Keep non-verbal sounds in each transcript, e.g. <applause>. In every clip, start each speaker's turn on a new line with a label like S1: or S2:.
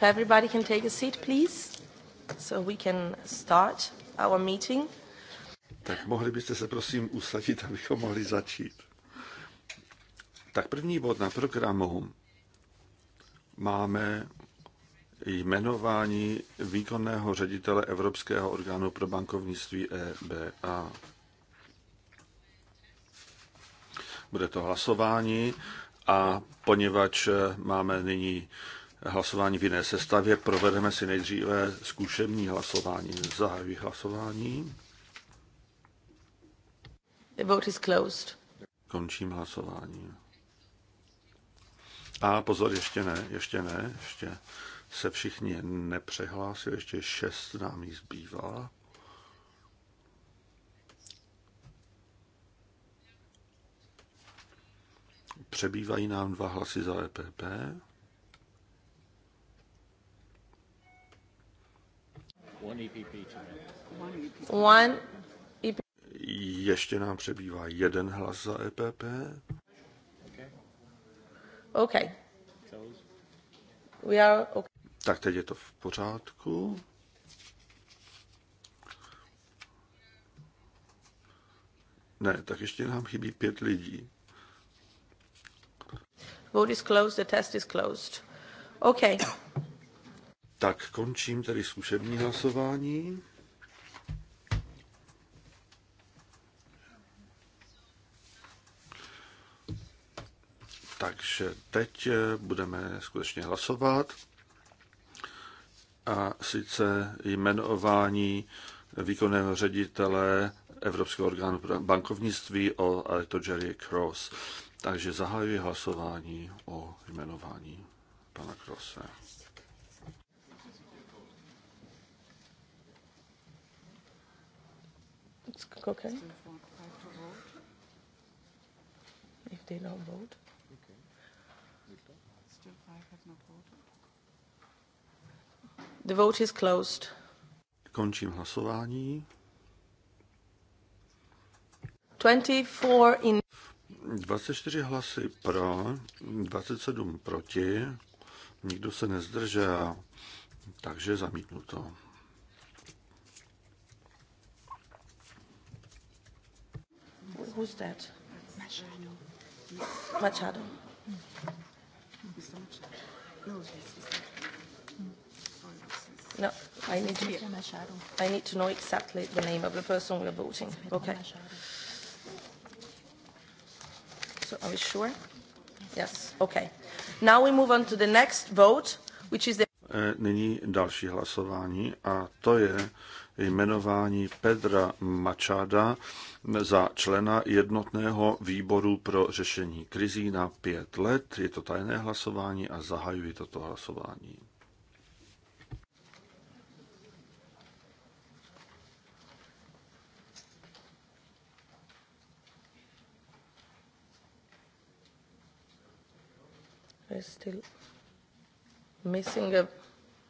S1: If everybody can take a seat, please, so we can start our meeting.
S2: Tak mohli byste se prosím usadit, abychom mohli začít. Tak první bod na programu máme jmenování výkonného ředitele Evropského orgánu pro bankovnictví EBA. Bude to hlasování a poněvadž máme nyní hlasování v jiné sestavě. Provedeme si nejdříve zkušební hlasování. Zahajuji hlasování.
S1: The vote is closed.
S2: Končím hlasování. A pozor, ještě ne, ještě ne, ještě se všichni nepřehlásili, ještě šest nám jí zbývá. Přebývají nám dva hlasy za EPP.
S1: One EPP
S3: One EPP.
S2: E ještě nám přebývá jeden hlas za EPP.
S1: Okay.
S3: We are okay.
S2: Tak teď je to v pořádku. Ne, tak ještě nám chybí pět lidí.
S1: Vote is closed, the test is closed. Okay.
S2: Tak končím tedy zkušební hlasování. Takže teď eh, budeme skutečně hlasovat. A sice jmenování výkonného ředitele Evropského orgánu pro bankovnictví o to Jerry Cross. Takže zahajuji hlasování o jmenování pana Crosse. Okay.
S3: If they don't vote. Okay. Still five have not voted.
S2: The vote is closed. Končím hlasování.
S1: 24 in
S2: 24 hlasy pro, 27 proti, nikdo se nezdržel, takže zamítnuto. Who's that? Machado. Machado. No, I need to. I need to know exactly the name of the person we are voting. Okay.
S1: So are we sure? Yes. Okay. Now we move on to the next vote, which is the.
S2: Eh, nyní další hlasování a to je jmenování Pedra Mačáda za člena jednotného výboru pro řešení krizí na pět let. Je to tajné hlasování a zahajuji toto hlasování.
S1: still missing a,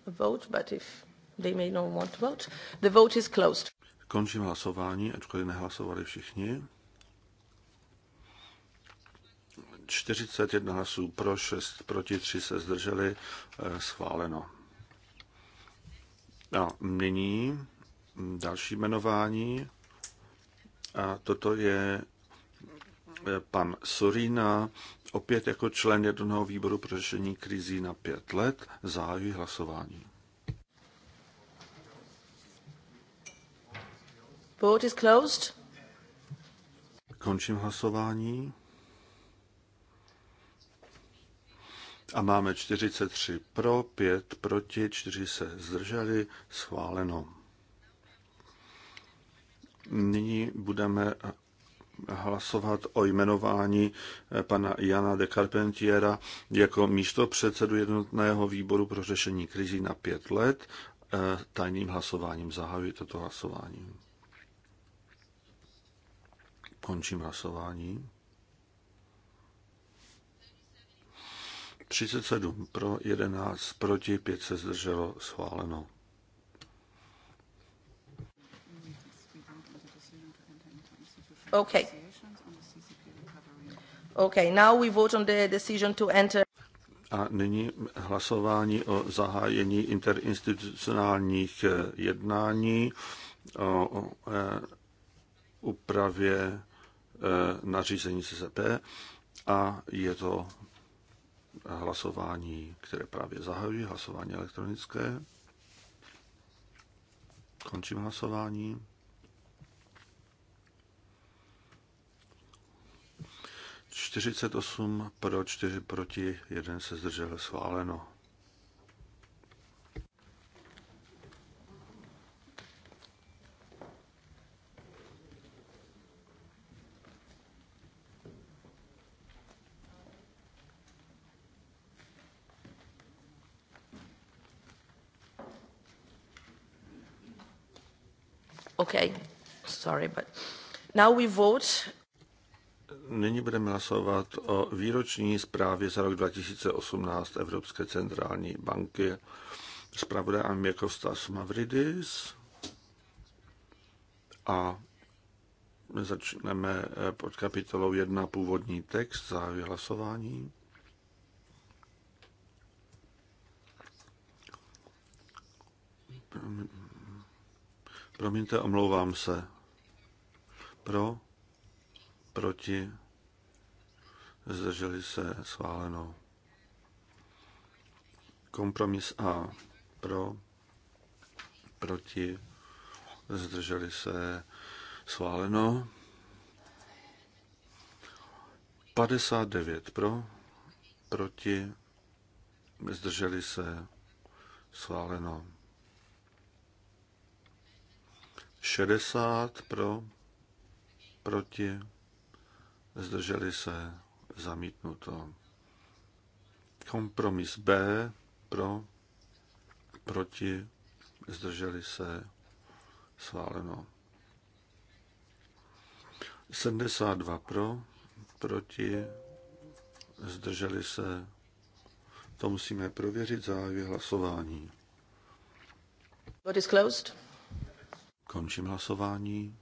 S1: a vote, but if They may not want to vote. The vote is closed.
S2: Končím hlasování, ačkoliv nehlasovali všichni. 41 hlasů pro, 6 proti, 3 se zdrželi. Eh, schváleno. A nyní další jmenování. A toto je eh, pan Sorina, opět jako člen jednoho výboru pro řešení krizí na pět let, zahájí hlasování.
S1: Vote is closed.
S2: Končím hlasování. A máme 43 pro, 5 proti, 4 se zdrželi, schváleno. Nyní budeme hlasovat o jmenování eh, pana Jana de Carpentiera jako místo předsedu jednotného výboru pro řešení krizí na pět let. Eh, tajným hlasováním zahajuji toto hlasování. Končím hlasování. 37 pro, 11 proti, 5 se zdrželo, schváleno. Okay.
S1: Okay, now we vote on the decision to enter.
S2: A nyní hlasování o zahájení interinstitucionálních eh, jednání o eh, úpravě Eh, nařízení CCP a je to hlasování, které právě zahajuje, hlasování elektronické. Končím hlasování. Čtyřicet osm pro, čtyři proti, jeden se zdržel schváleno.
S1: Okay, sorry, but now we vote.
S2: Nyní budeme hlasovat o výroční zprávě za rok 2018 Evropské centrální banky. Zpravodaj je Kostas Mavridis a začneme pod kapitolou 1 původní text za hlasování. hmm Promiňte, omlouvám se. Pro, proti, zdrželi se, schváleno. Kompromis A. Pro, proti, zdrželi se, schváleno. 59 pro, proti, zdrželi se, schváleno. 60 pro, proti, zdrželi se, zamítnuto. Kompromis B pro, proti, zdrželi se, schváleno. 72 pro, proti, zdrželi se. To musíme prověřit závěr hlasování.
S1: What is closed?
S2: Končím hlasování.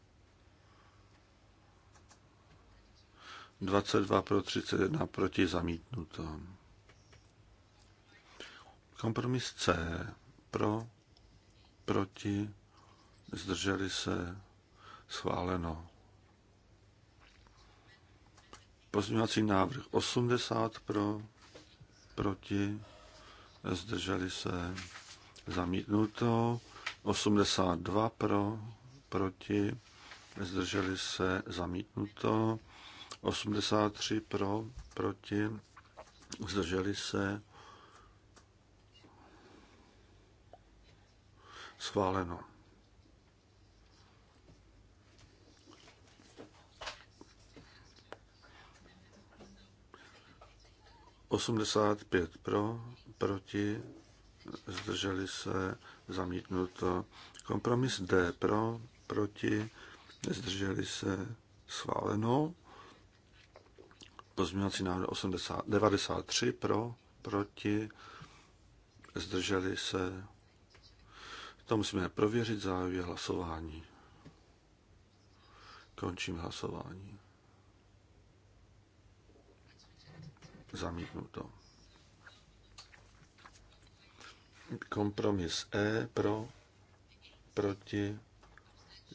S2: 22 pro 31 proti zamítnuto. Kompromis C pro, proti, zdrželi se, schváleno. Pozměňovací návrh 80 pro, proti, zdrželi se, zamítnuto. 82 pro, proti, zdrželi se zamítnuto, 83 pro, proti, zdrželi se schváleno. Osmdesát pět pro, proti, zdrželi se zamítnuto. Kompromis D pro, proti, zdrželi se, schváleno. Pozměňovací návrh 93 pro, proti, zdrželi se. To musíme prověřit závěr hlasování. Končím hlasování. Zamítnuto. to. Kompromis E pro, proti,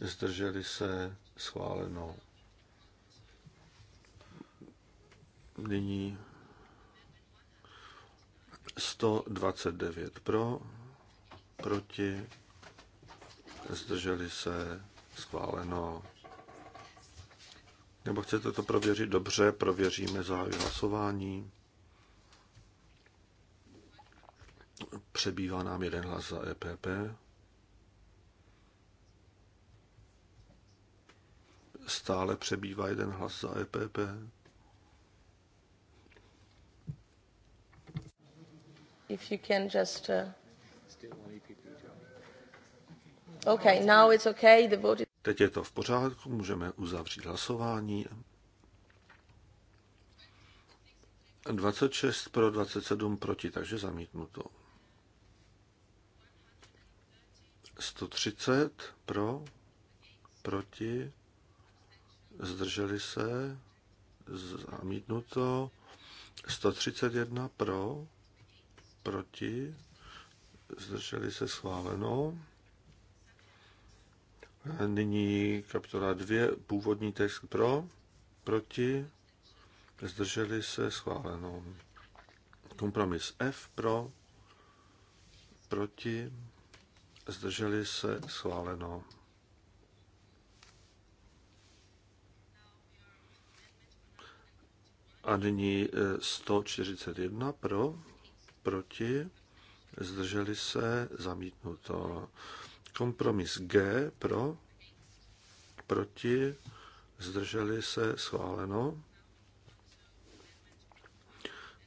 S2: zdrželi se schváleno. Nyní 129 pro, proti, zdrželi se schváleno. Nebo chcete to prověřit dobře, prověříme zahájí hlasování. Přebývá nám jeden hlas za EPP. Stále přebývá jeden hlas za EPP.
S1: If you can just... Uh... Okay, now it's okay. The vote is...
S2: Teď je to v pořádku, můžeme uzavřít hlasování. 26 pro 27 proti, takže zamítnuto. 130 pro, proti, zdrželi se, zamítnuto, 131 pro, proti, zdrželi se schváleno. Nyní kapitola 2, původní text pro, proti, zdrželi se schváleno. Kompromis F pro, proti, zdrželi se, schváleno. A nyní 141 eh, pro, proti, zdrželi se, zamítnuto. Kompromis G pro, proti, zdrželi se, schváleno.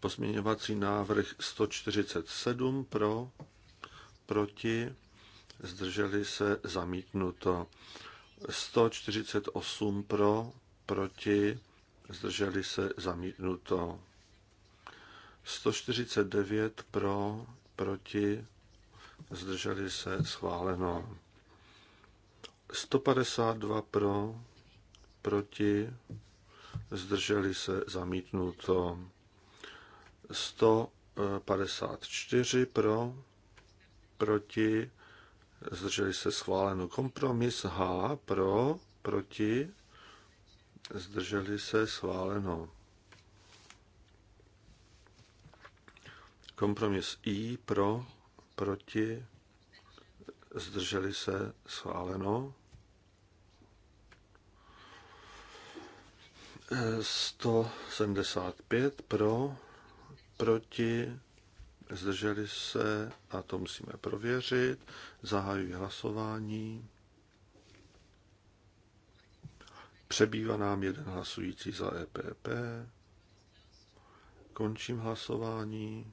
S2: Pozměňovací návrh 147 pro, proti, zdrželi se, zamítnuto. 148 pro, proti, zdrželi se, zamítnuto. 149 pro, proti, zdrželi se, schváleno. 152 pro, proti, zdrželi se, zamítnuto. 154 pro, proti, zdrželi se schváleno. Kompromis H pro, proti, zdrželi se schváleno. Kompromis I pro, proti, zdrželi se schváleno. 175 e, pro, proti, zdrželi se a to musíme prověřit. Zahajuji hlasování. Přebývá nám jeden hlasující za EPP. Končím hlasování.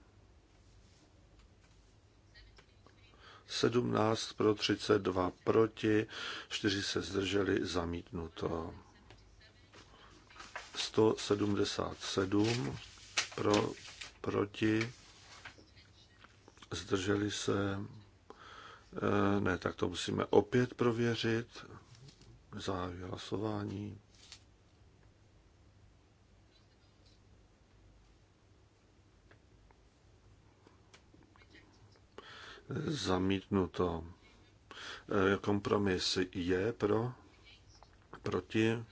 S2: 17 pro 32 proti, 4 se zdrželi, zamítnuto. 177 pro, proti, zdrželi se, eh, ne, tak to musíme opět prověřit, zahájí hlasování. Zamítnuto. Eh, kompromis je pro, proti,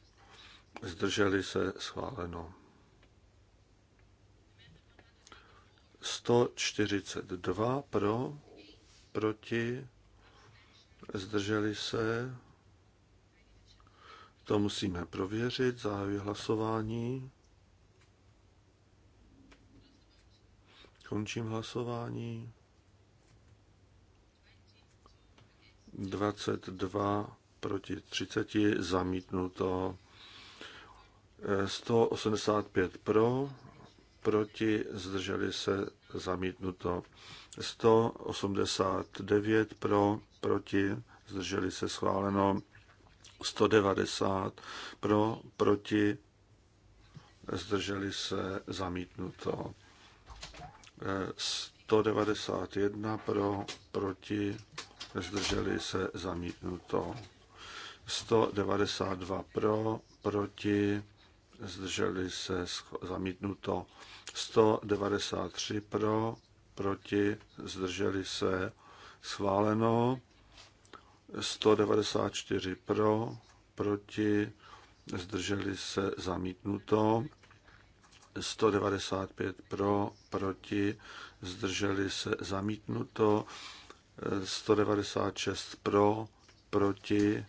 S2: zdrželi se schváleno. 142 pro, proti, zdrželi se. To musíme prověřit, zahajuji hlasování. Končím hlasování. 22 proti 30, zamítnuto 185 pro, proti, zdrželi se, zamítnuto. 189 pro, proti, zdrželi se, schváleno. 190 pro, proti, zdrželi se, zamítnuto. 191 pro, proti, zdrželi se, zamítnuto. 192 pro, proti, zdrželi se zamítnuto 193 pro, proti, zdrželi se schváleno 194 pro, proti, zdrželi se zamítnuto 195 pro, proti, zdrželi se zamítnuto 196 pro, proti,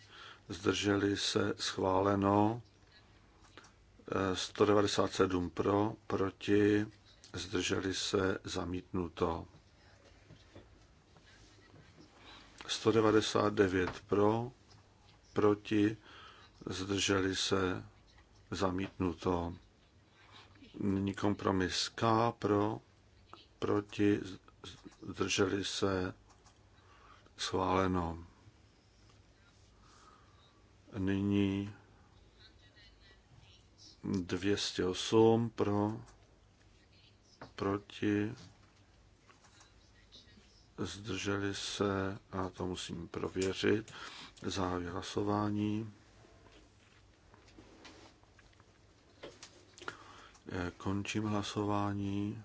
S2: zdrželi se schváleno 197 pro, proti, zdrželi se, zamítnuto. 199 pro, proti, zdrželi se, zamítnuto. Nyní kompromis K pro, proti, zdrželi se, schváleno. Nyní 208 pro, proti, zdrželi se, a to musím prověřit, zahájí hlasování. Eh, končím hlasování.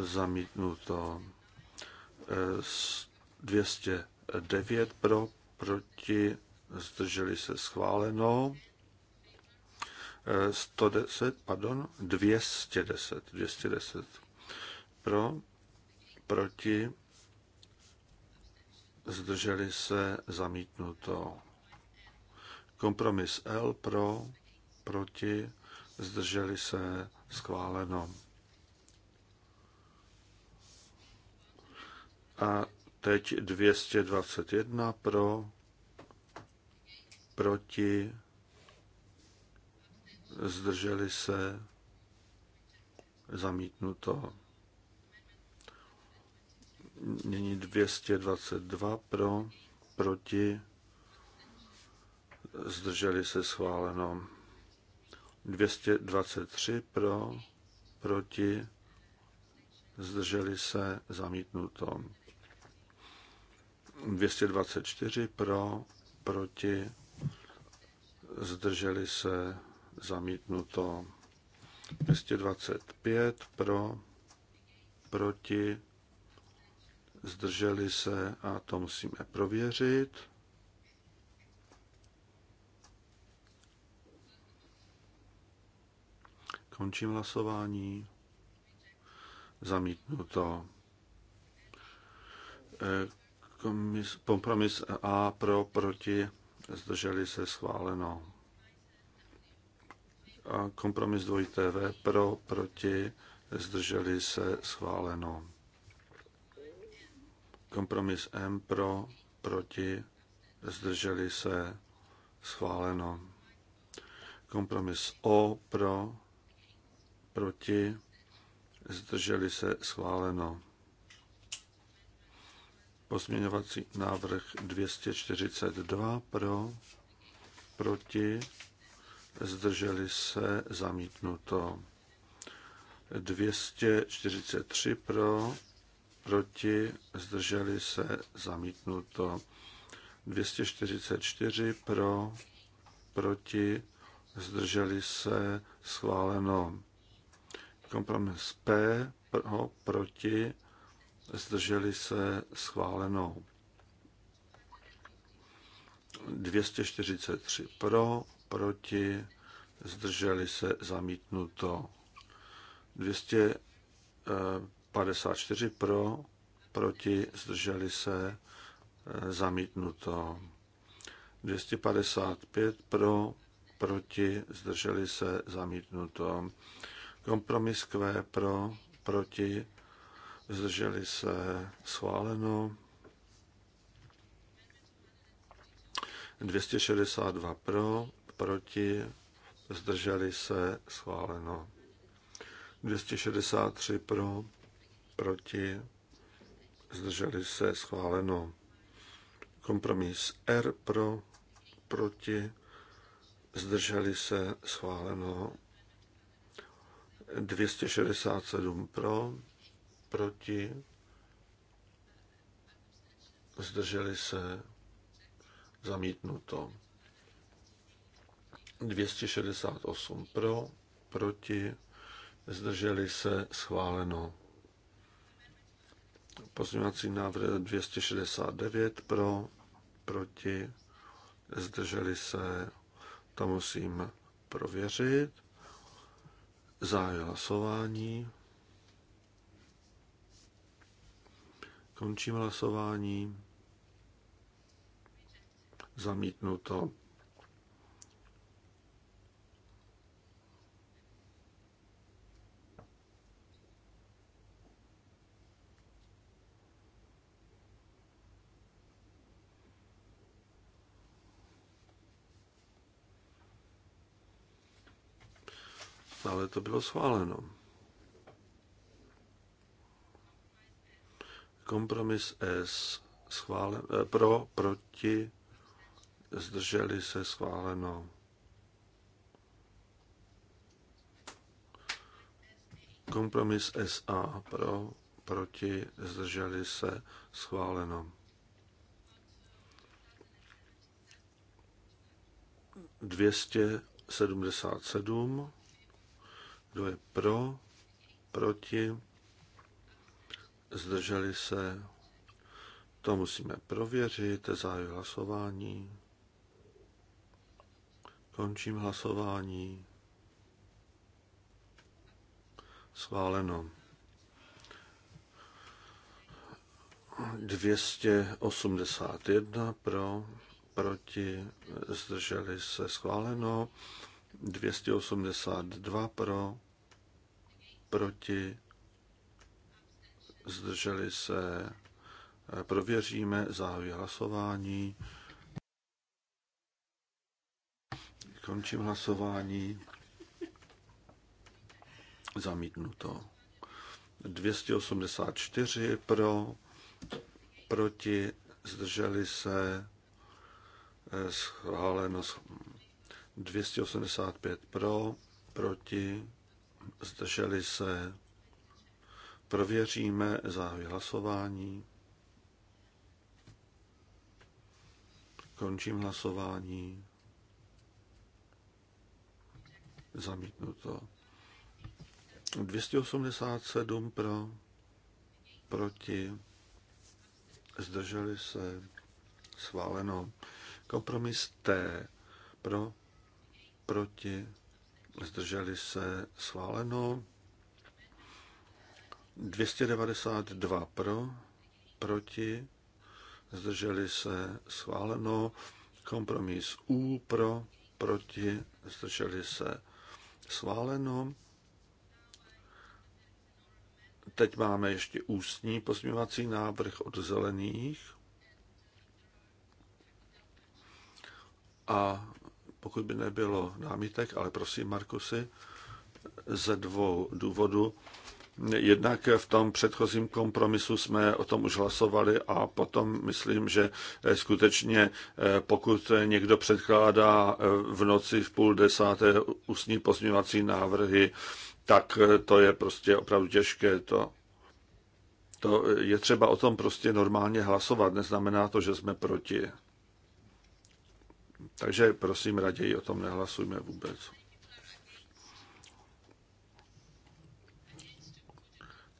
S2: Zamítnu to. 209 pro, proti, zdrželi se schváleno. 110, eh, pardon, 210, 210 pro, proti, zdrželi se zamítnuto. Kompromis L pro, proti, zdrželi se schváleno. A teď 221 pro, proti, zdrželi se, zamítnuto. Nyní 222 pro, proti, zdrželi se schváleno. 223 pro, proti, zdrželi se zamítnuto. 224 pro, proti, zdrželi se, zamítnuto. 225 pro, proti, zdrželi se a to musíme prověřit. Končím hlasování. Zamítnuto. Eh, kompromis A pro, proti, zdrželi se schváleno. A kompromis 2TV pro, proti, zdrželi se schváleno. Kompromis M pro, proti, zdrželi se schváleno. Kompromis O pro, proti, zdrželi se schváleno. Pozměňovací návrh 242 pro, proti, zdrželi se, zamítnuto. 243 pro, proti, zdrželi se, zamítnuto. 244 pro, proti, zdrželi se, schváleno. Kompromis P pro, proti, zdrželi se schváleno 243 pro, proti, zdrželi se zamítnuto 254 pro, proti, zdrželi se eh, zamítnuto 255 pro, proti, zdrželi se zamítnuto kompromis kvé pro, proti, zdrželi se schváleno, 262 pro, proti, zdrželi se schváleno, 263 pro, proti, zdrželi se schváleno, kompromis R pro, proti, zdrželi se schváleno 267 pro, proti, zdrželi se, zamítnuto. 268 pro, proti, zdrželi se, schváleno. Pozměňovací návrh 269 pro, proti, zdrželi se, to musím prověřit. Zahájil hlasování. Končím hlasování. Zamítnuto. Ale to bylo schváleno. Kompromis S schválen, eh, pro, proti, zdrželi se schváleno. Kompromis SA pro, proti, zdrželi se schváleno. 277. Kdo je pro, proti, zdrželi se, to musíme prověřit, zahajuji hlasování, končím hlasování, schváleno. 281 pro, proti, zdrželi se schváleno, 282 pro, proti, zdrželi se, prověříme, závěr hlasování. Končím hlasování. Zamítnuto. 284 pro, proti, zdrželi se, eh, schváleno 285 pro, proti, zdrželi se, Prověříme závěr hlasování. Končím hlasování. Zamítnuto. 287 pro, proti, zdrželi se, schváleno. Kompromis T pro, proti, zdrželi se, schváleno. 292 pro, proti, zdrželi se schváleno, kompromis U pro, proti, zdrželi se schváleno. Teď máme ještě ústní pozměňovací návrh od zelených. A pokud by nebylo námitek, ale prosím, Markusy, ze dvou důvodů Jednak v tom předchozím kompromisu jsme o tom už hlasovali a potom myslím, že eh, skutečně eh, pokud někdo předkládá eh, v noci v půl desáté ústní pozměňovací návrhy, tak to je prostě opravdu těžké. To, to je třeba o tom prostě normálně hlasovat, neznamená to, že jsme proti. Takže prosím, raději o tom nehlasujme vůbec.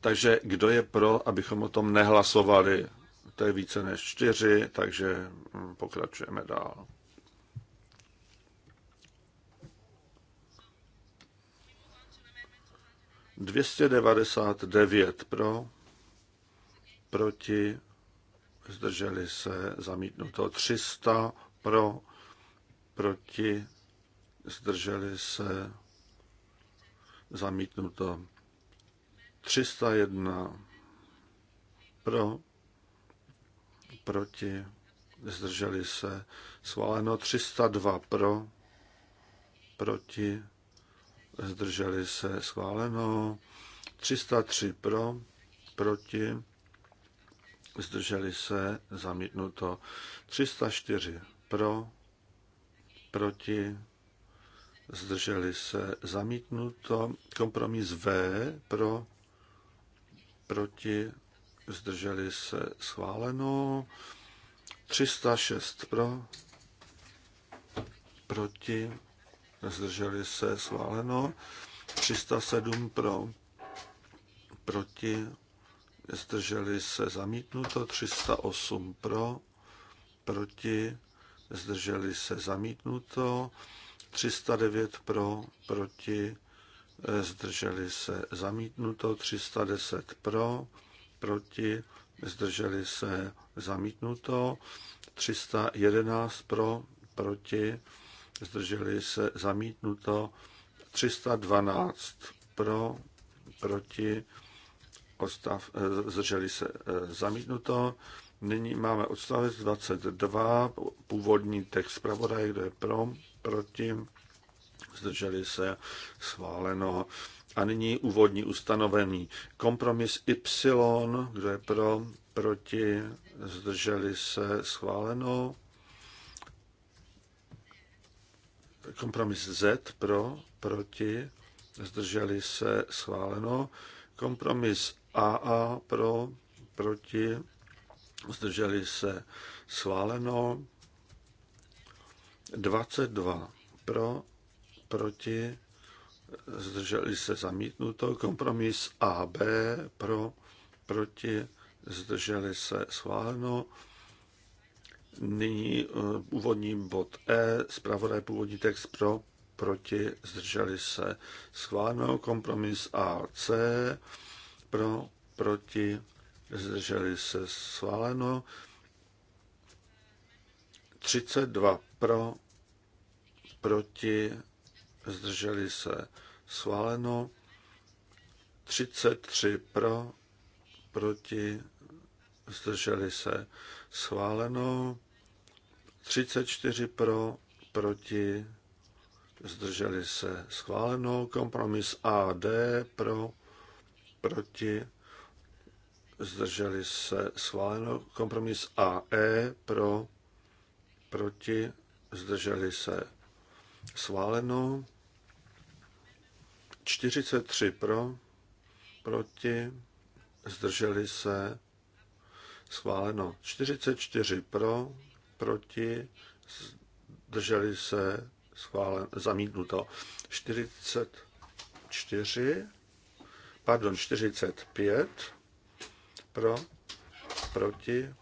S2: Takže kdo je pro, abychom o tom nehlasovali? To je více než čtyři, takže mm, pokračujeme dál. Dvěstě devadesát devět pro, proti, zdrželi se, zamítnuto 300 pro, proti, zdrželi se, zamítnuto 301 pro, proti, zdrželi se, schváleno 302 pro, proti, zdrželi se, schváleno 303 pro, proti, zdrželi se, zamítnuto 304 pro, proti, zdrželi se, zamítnuto kompromis V pro, proti, zdrželi se schváleno, 306 pro, proti, zdrželi se schváleno, 307 pro, proti, zdrželi se zamítnuto, 308 pro, proti, zdrželi se zamítnuto, 309 pro, proti, zdrželi se zamítnuto, 310 pro, proti, zdrželi se zamítnuto, 311 pro, proti, zdrželi se zamítnuto, 312 pro, proti, odstav, eh, zdrželi se eh, zamítnuto. Nyní máme odstavec 22, původní text zpravodaje, kdo je pro, proti, zdrželi se, schváleno. A nyní úvodní ustanovení. Kompromis Y, kdo je pro, proti, zdrželi se, schváleno. Kompromis Z, pro, proti, zdrželi se, schváleno. Kompromis AA, pro, proti, zdrželi se, schváleno. 22 pro, proti, zdrželi se zamítnuto, kompromis AB pro, proti, zdrželi se schváleno. Nyní eh, úvodní bod E, zpravodaj původní text pro, proti, zdrželi se schváleno, kompromis AC pro, proti, zdrželi se schváleno. 32 pro, proti, zdrželi se schváleno, 33 pro, proti, zdrželi se schváleno, 34 pro, proti, zdrželi se schváleno, kompromis AD pro, proti, zdrželi se schváleno, kompromis AE pro, proti, zdrželi se schváleno, 43 pro, proti, zdrželi se, schváleno. 44 pro, proti, zdrželi se, schváleno, zamítnuto. 44, pardon, 45 pro, proti,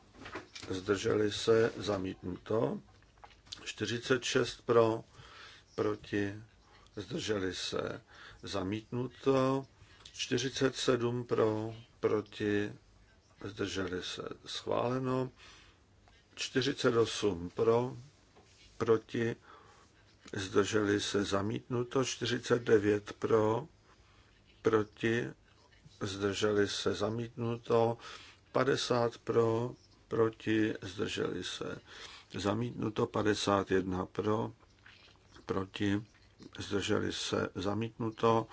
S2: zdrželi se, zamítnuto. 46 pro, proti, zdrželi se, zamítnuto, 47 pro, proti, zdrželi se schváleno, 48 pro, proti, zdrželi se zamítnuto, 49 pro, proti, zdrželi se zamítnuto, 50 pro, proti, zdrželi se zamítnuto, 51 pro, proti, zdrželi se zamítnuto,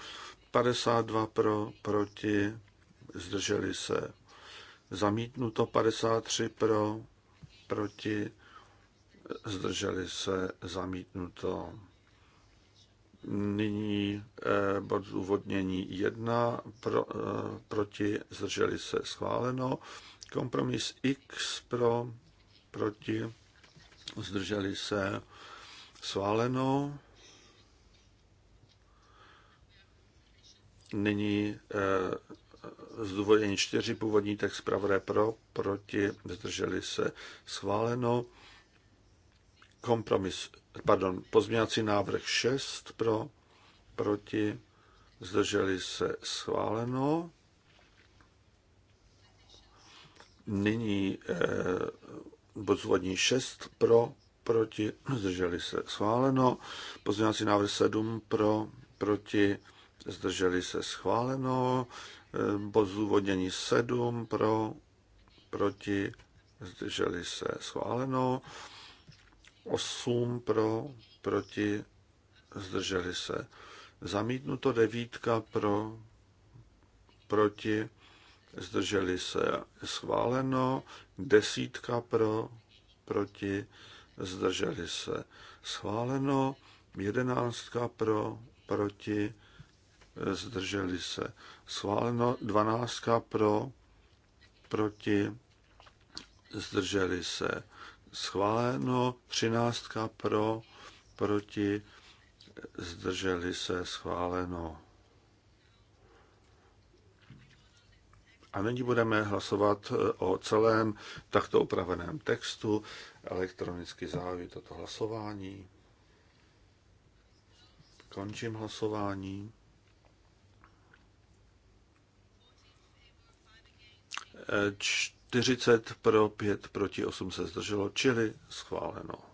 S2: 52 pro, proti, zdrželi se zamítnuto, 53 pro, proti, zdrželi se zamítnuto. Nyní eh, bod zdůvodnění 1, pro, eh, proti, zdrželi se schváleno, kompromis X pro, proti, zdrželi se schváleno, Nyní eh, zdůvodnění čtyři původní text zpravodaj pro, proti, zdrželi se schváleno. Kompromis, pardon, pozměňovací návrh 6 pro, proti, zdrželi se schváleno. Nyní eh, bod zvodní 6 pro, proti, zdrželi se schváleno. Pozměňovací návrh 7 pro, proti, zdrželi se schváleno, eh, bod zúvodnění 7 pro, proti, zdrželi se schváleno, 8 pro, proti, zdrželi se zamítnuto, 9 pro, proti, zdrželi se schváleno, 10 pro, proti, zdrželi se schváleno, 11 pro, proti, zdrželi se. Schváleno 12 pro, proti, zdrželi se. Schváleno 13 pro, proti, zdrželi se. Schváleno. A nyní budeme hlasovat e, o celém takto upraveném textu. Elektronicky závěr toto hlasování. Končím hlasování. 40 pro, 5 proti, 8 se zdrželo, čili schváleno.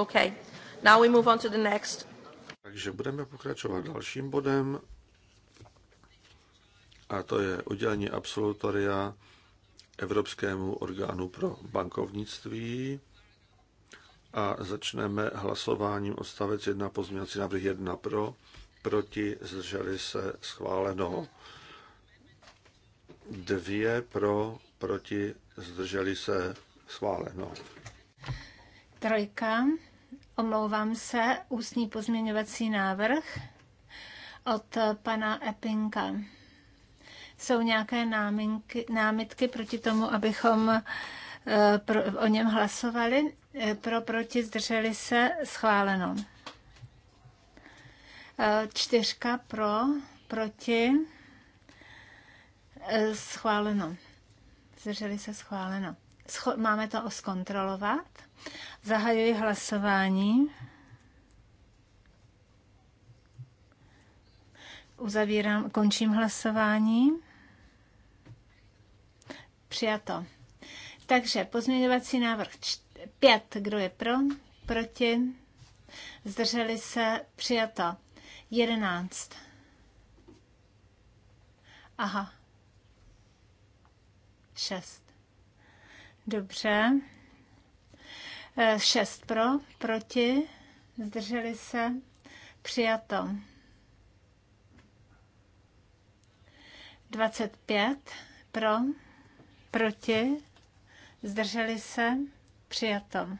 S1: Okay. Now we move on to the next.
S2: Takže budeme pokračovat dalším bodem a to je udělení absolutoria Evropskému orgánu pro bankovnictví a začneme hlasováním odstavec 1 pozměňovací návrh 1 pro, proti, zdrželi se, schváleno. Dvě pro, proti, zdrželi se, schváleno.
S3: Trojka Omlouvám se, ústní pozměňovací návrh od pana Epinka. Jsou nějaké náminky, námitky proti tomu, abychom eh, pro, o něm hlasovali? Eh, pro, proti, zdrželi se, schváleno. Eh, čtyřka pro, proti, schváleno. Zdrželi se, schváleno. Máme to oskontrolovat. Zahajuji hlasování. Uzavírám, končím hlasování. Přijato. Takže pozměňovací návrh 5. Kdo je pro? Proti? Zdrželi se? Přijato. 11. Aha. 6. Dobře. E, šest pro, proti, zdrželi se, přijato. 25 pro, proti, zdrželi se, přijato.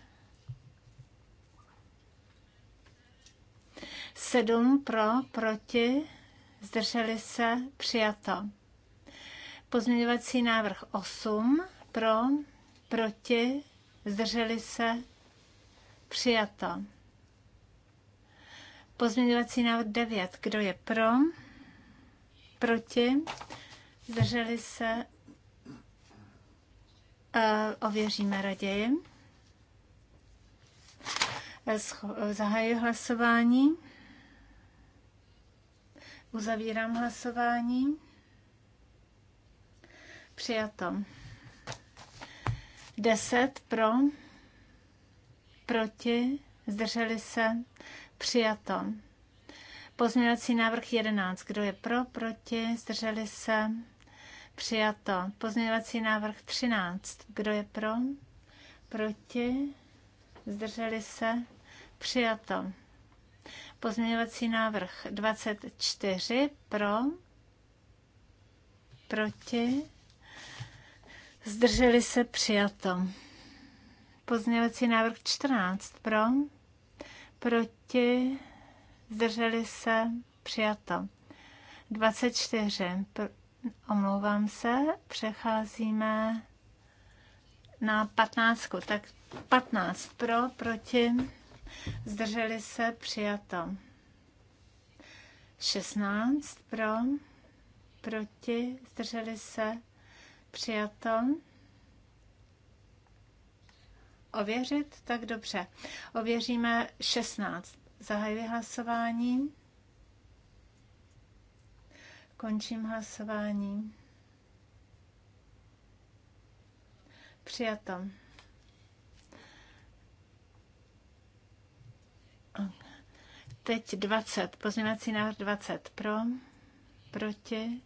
S3: 7 pro, proti, zdrželi se, přijato. Pozměňovací návrh 8 pro, proti, zdrželi se, přijato. Pozměňovací návrh 9, kdo je pro, proti, zdrželi se, eh, ověříme raději. Eh, eh, zahajuji hlasování. Uzavírám hlasování. Přijato. 10 pro, proti, zdrželi se, přijato. Pozměňovací návrh 11. Kdo je pro, proti, zdrželi se, přijato. Pozměňovací návrh 13. Kdo je pro, proti, zdrželi se, přijato. Pozměňovací návrh 24. Pro, proti, Zdrželi se přijato. Pozměňovací návrh 14 pro, proti, zdrželi se přijato. 24, pr- omlouvám se, přecházíme na 15, tak 15 pro, proti, zdrželi se přijato. 16 pro, proti, zdrželi se Přijato. Ověřit? Tak dobře. Ověříme 16. Zahajuji hlasování. Končím hlasování. Přijato. Teď 20. Pozměňovací návrh 20. Pro, proti,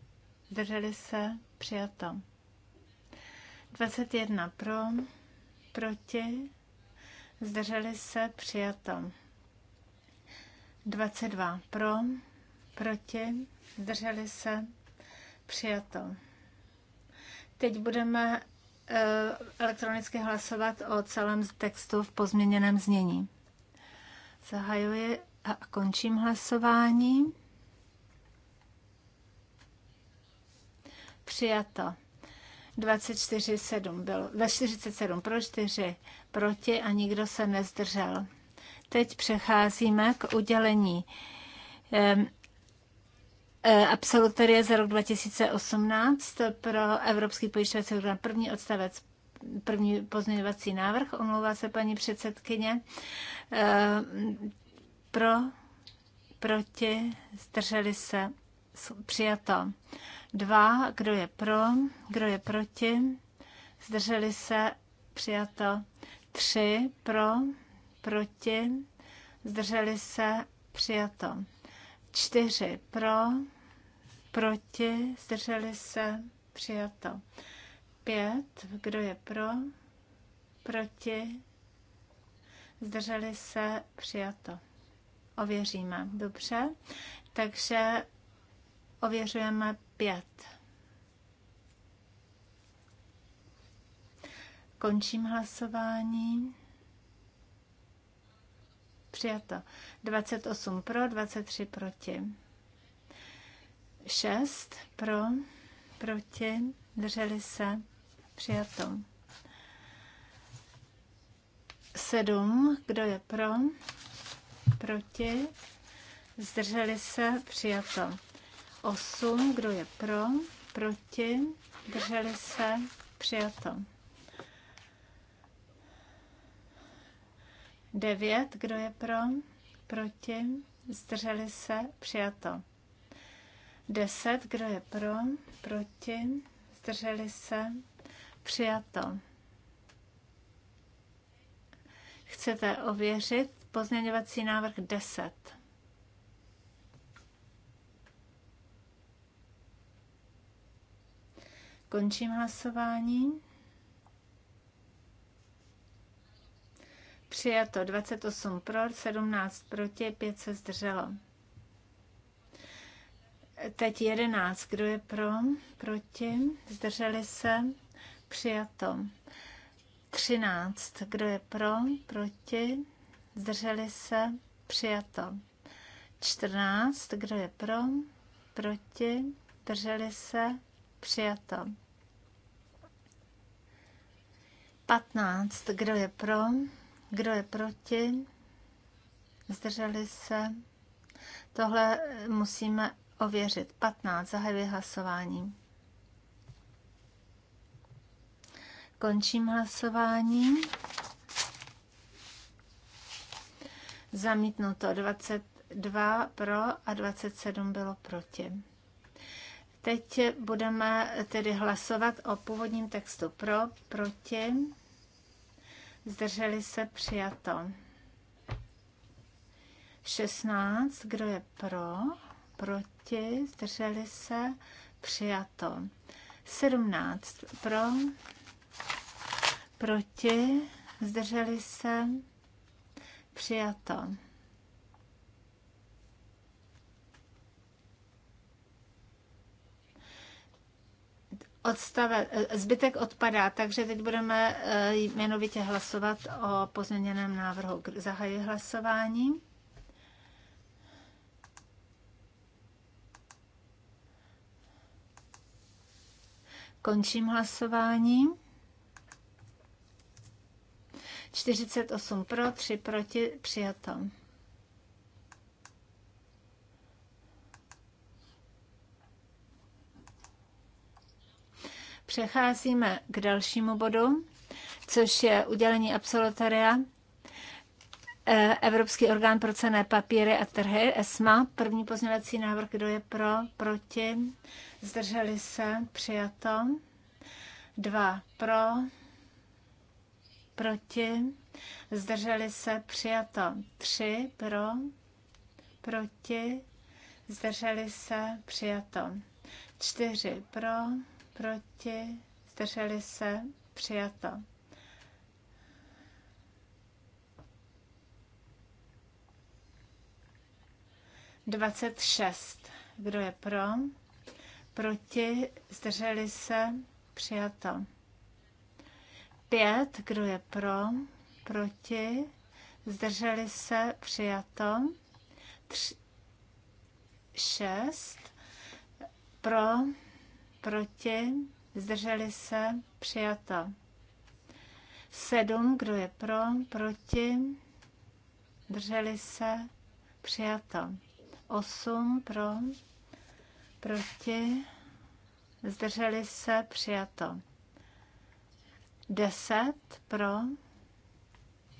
S3: drželi se, přijato. 21 pro, proti, zdrželi se, přijato. 22 pro, proti, zdrželi se, přijato. Teď budeme eh, elektronicky hlasovat o celém textu v pozměněném znění. Zahajuji a končím hlasování. Přijato. 24-7 byl, ve 47 pro 4, proti a nikdo se nezdržel. Teď přecházíme k udělení e, absolutorie za rok 2018 pro Evropský pojišťovací program. První odstavec, první pozměňovací návrh, omlouvá se paní předsedkyně. E, pro, proti, zdrželi se, přijato. 2, kdo je pro, kdo je proti, zdrželi se, přijato. 3, pro, proti, zdrželi se, přijato. 4, pro, proti, zdrželi se, přijato. 5, kdo je pro, proti, zdrželi se, přijato. Ověříme, dobře. Takže ověřujeme 5. Končím hlasování. Přijato. 28 pro, 23 proti. 6 pro, proti, drželi se. Přijato. 7. Kdo je pro? Proti? Zdrželi se? Přijato. 8, kdo je pro, proti, drželi se, přijato. 9, kdo je pro, proti, zdrželi se, přijato. 10, kdo je pro, proti, zdrželi se, přijato. Chcete ověřit pozměňovací návrh 10. Končím hlasování. Přijato 28 pro, 17 proti, 5 se zdrželo. Teď 11. Kdo je pro? Proti? Zdrželi se? Přijato. 13. Kdo je pro? Proti? Zdrželi se? Přijato. 14. Kdo je pro? Proti? Zdrželi se? Přijato. 15. Kdo je pro? Kdo je proti? Zdrželi se? Tohle musíme ověřit. 15. Zahajuji hlasování. Končím hlasování. Zamítnuto 22 pro a 27 bylo proti. Teď budeme tedy hlasovat o původním textu pro, proti, zdrželi se přijato. 16, kdo je pro, proti, zdrželi se přijato. 17, pro, proti, zdrželi se přijato. odstave, e, zbytek odpadá, takže teď budeme e, jmenovitě hlasovat o pozměněném návrhu. Zahajuji hlasování. Končím hlasování. 48 pro, 3 proti, přijatom. Přecházíme k dalšímu bodu, což je udělení absolutoria e, Evropský orgán pro cené papíry a trhy, ESMA. První pozměňovací návrh, kdo je pro, proti, zdrželi se, přijato. Dva pro, proti, zdrželi se, přijato. Tři pro, proti, zdrželi se, přijato. Čtyři pro, proti, zdrželi se, přijato. Dvacet šest. Kdo je pro? Proti, zdrželi se, přijato. Pět. Kdo je pro? Proti, zdrželi se, přijato. Tři, šest. Pro, proti, zdrželi se, přijata. Sedm, kdo je pro, proti, drželi se, přijata. Osm, pro, proti, zdrželi se, přijato. Deset, pro,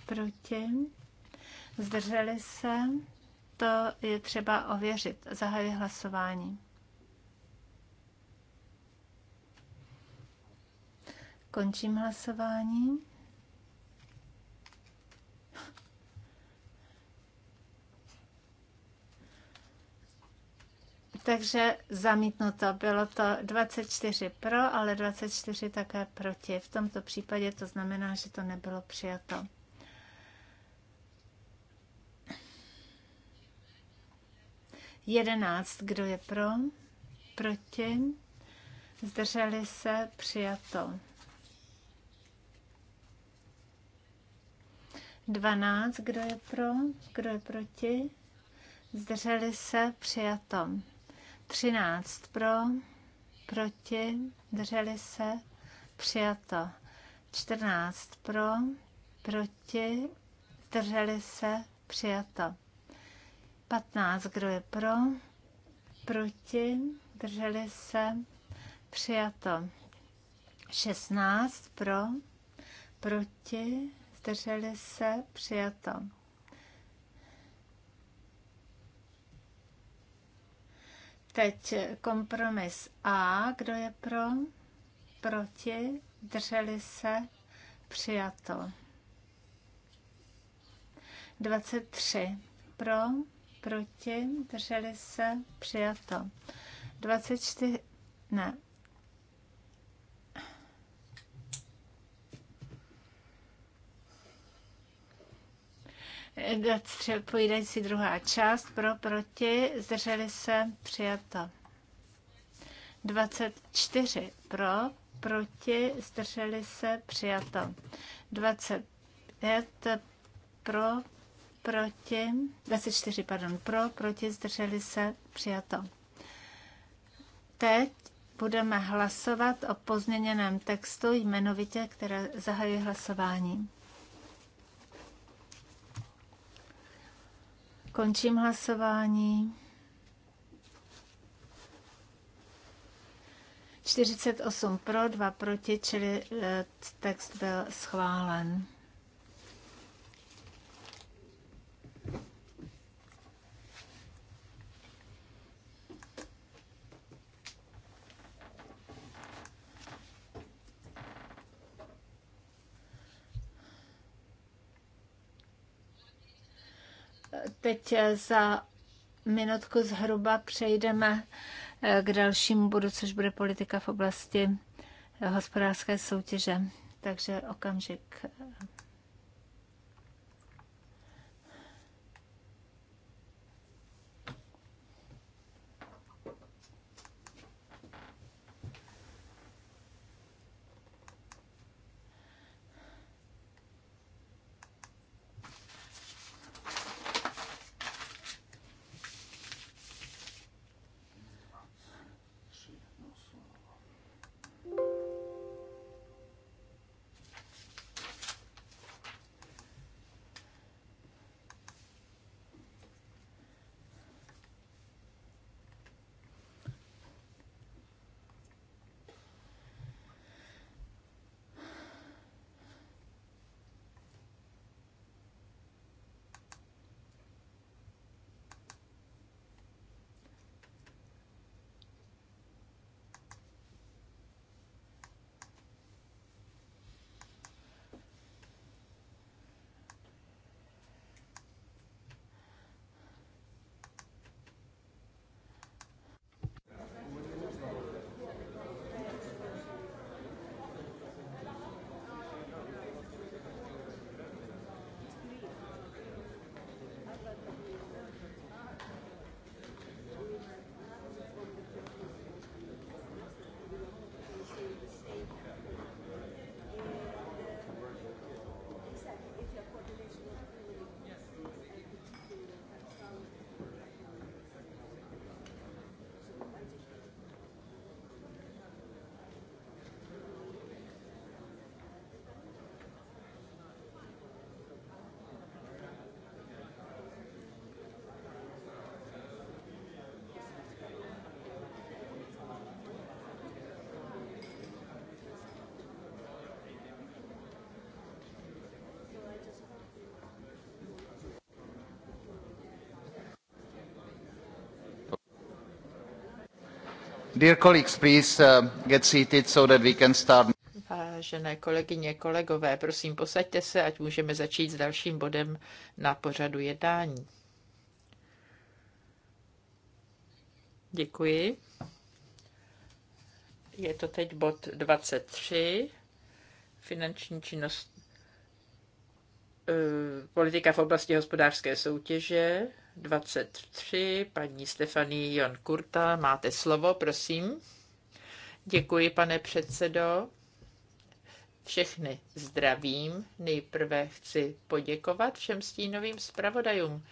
S3: proti, zdrželi se, to je třeba ověřit. Zahajuji hlasování. Končím hlasování. Takže zamítnuto. Bylo to 24 pro, ale 24 také proti. V tomto případě to znamená, že to nebylo přijato. Jedenáct. Kdo je pro? Proti? Zdrželi se? Přijato. 12, kdo je pro, kdo je proti, zdrželi se, přijato. 13 pro, proti, zdrželi se, přijato. 14 pro, proti, zdrželi se, přijato. 15, kdo je pro, proti, drželi se, přijato. 16 pro, proti, zdrželi se, přijato. Teď kompromis A, kdo je pro, proti, drželi se, přijato. 23. Pro, proti, drželi se, přijato. 24. Ne, odpovídající druhá část pro, proti, zdrželi se, přijato. 24 pro, proti, zdrželi se, přijato. 25 pro, proti, 24, pardon, pro, proti, zdrželi se, přijato. Teď budeme hlasovat o pozměněném textu jmenovitě, které zahajuje hlasování. Končím hlasování. 48 pro, 2 proti, čili eh, text byl schválen. teď za minutku zhruba přejdeme eh, k dalšímu bodu, což bude politika v oblasti eh, hospodářské soutěže. Takže okamžik eh,
S1: Dear colleagues, please uh, get seated so that we can start. Vážené kolegyně, kolegové, prosím, posaďte se, ať můžeme začít s dalším bodem na pořadu jednání. Děkuji. Je to teď bod 23, finanční činnost, eh, politika v oblasti hospodářské soutěže. 23, paní Stefaní Jon Kurta, máte slovo, prosím. Děkuji, pane předsedo. Všechny zdravím. Nejprve chci poděkovat všem stínovým zpravodajům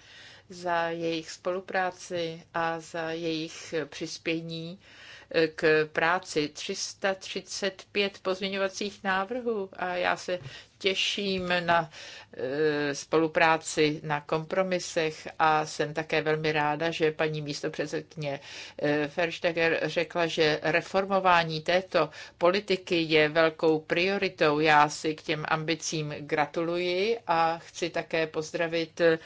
S1: za jejich spolupráci a za jejich přispění eh, k práci 335 pozměňovacích návrhů a já se těším na eh, spolupráci na kompromisech a jsem také velmi ráda, že paní místopředsedkyně eh, Fersteger řekla, že reformování této politiky je velkou prioritou. Já si k těm ambicím gratuluji a chci také pozdravit eh,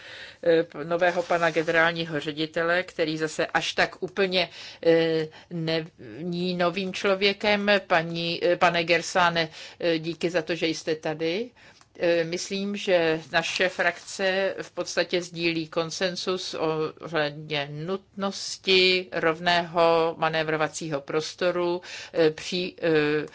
S1: nového pana generálního ředitele, který zase až tak úplně není novým člověkem. Paní, pane Gersáne, díky za to, že jste tady Eh, myslím, že naše frakce v podstatě sdílí konsensus o hledně nutnosti rovného manévrovacího prostoru eh, při eh,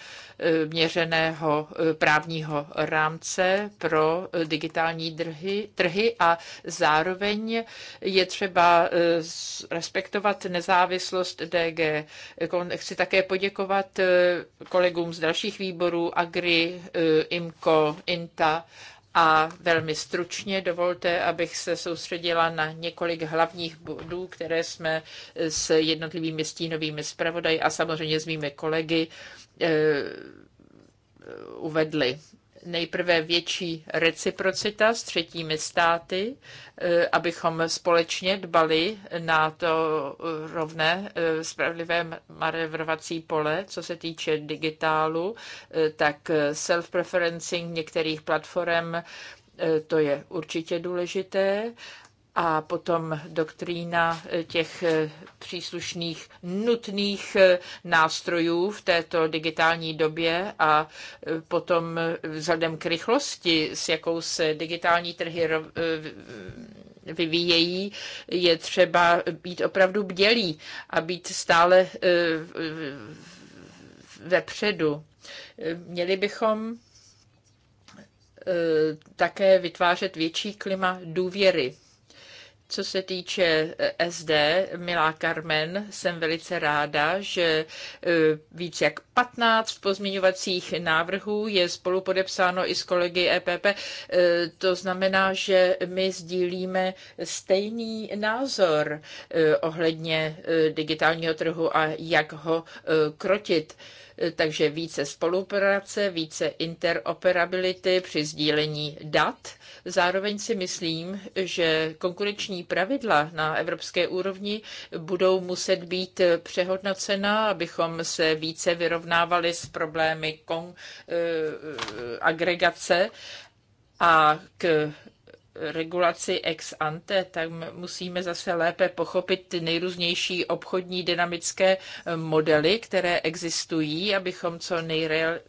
S1: měřeného e, právního rámce pro e, digitální trhy, trhy a zároveň je třeba e, respektovat nezávislost DG. Chci také poděkovat kolegům z dalších výborů Agri, IMCO, INTA a velmi stručně dovolte, abych se soustředila na několik hlavních bodů, které jsme s jednotlivými stínovými zpravodaji a samozřejmě s mými kolegy E, uvedli nejprve větší reciprocita s třetími státy, e, abychom společně dbali na to rovné e, spravedlivé marevrovací pole, co se týče digitálu, tak self-preferencing některých platform, to je určitě důležité a potom doktrína eh, těch eh, příslušných nutných eh, nástrojů v této digitální době a potom vzhledem k rychlosti, s jakou se digitální trhy vyvíjejí, je třeba být opravdu bdělý a být stále vepředu. Měli bychom také vytvářet větší klima důvěry co se týče e, SD, milá Carmen, jsem velice ráda, že e, víc jak 15 pozměňovacích návrhů je spolu i s kolegy EPP. E, to znamená, že my sdílíme stejný názor ohledně digitálního trhu a jak ho krotit takže více spolupráce, více interoperability při sdílení dat. Zároveň si myslím, že konkurenční pravidla na evropské úrovni budou muset být přehodnocena, abychom se více vyrovnávali s problémy kon, eh, agregace a k regulaci ex ante, tak musíme zase lépe pochopit ty nejrůznější obchodní dynamické eh, modely, které existují, abychom co nejre, eh,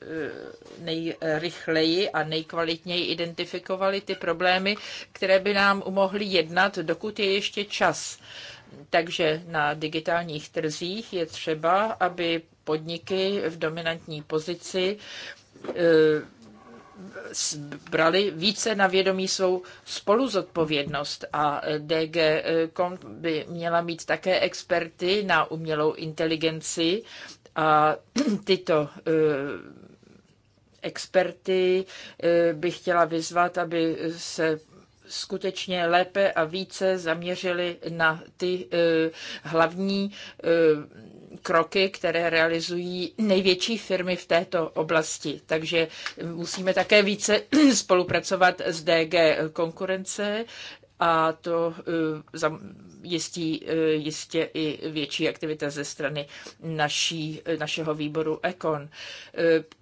S1: nejrychleji a nejkvalitněji identifikovali ty problémy, které by nám umohly jednat, dokud je ještě čas. Takže na digitálních trzích je třeba, aby podniky v dominantní pozici eh, brali více na vědomí svou spoluzodpovědnost a DG eh, by měla mít také experty na umělou inteligenci a <clears throat> tyto eh, experty eh, bych chtěla vyzvat, aby se skutečně lépe a více zaměřili na ty hlavní kroky, které realizují největší firmy v této oblasti. Takže musíme také více <clears throat> spolupracovat s DG konkurence a to eh, jistí, eh, jistě i větší aktivita ze strany naší, eh, našeho výboru Econ.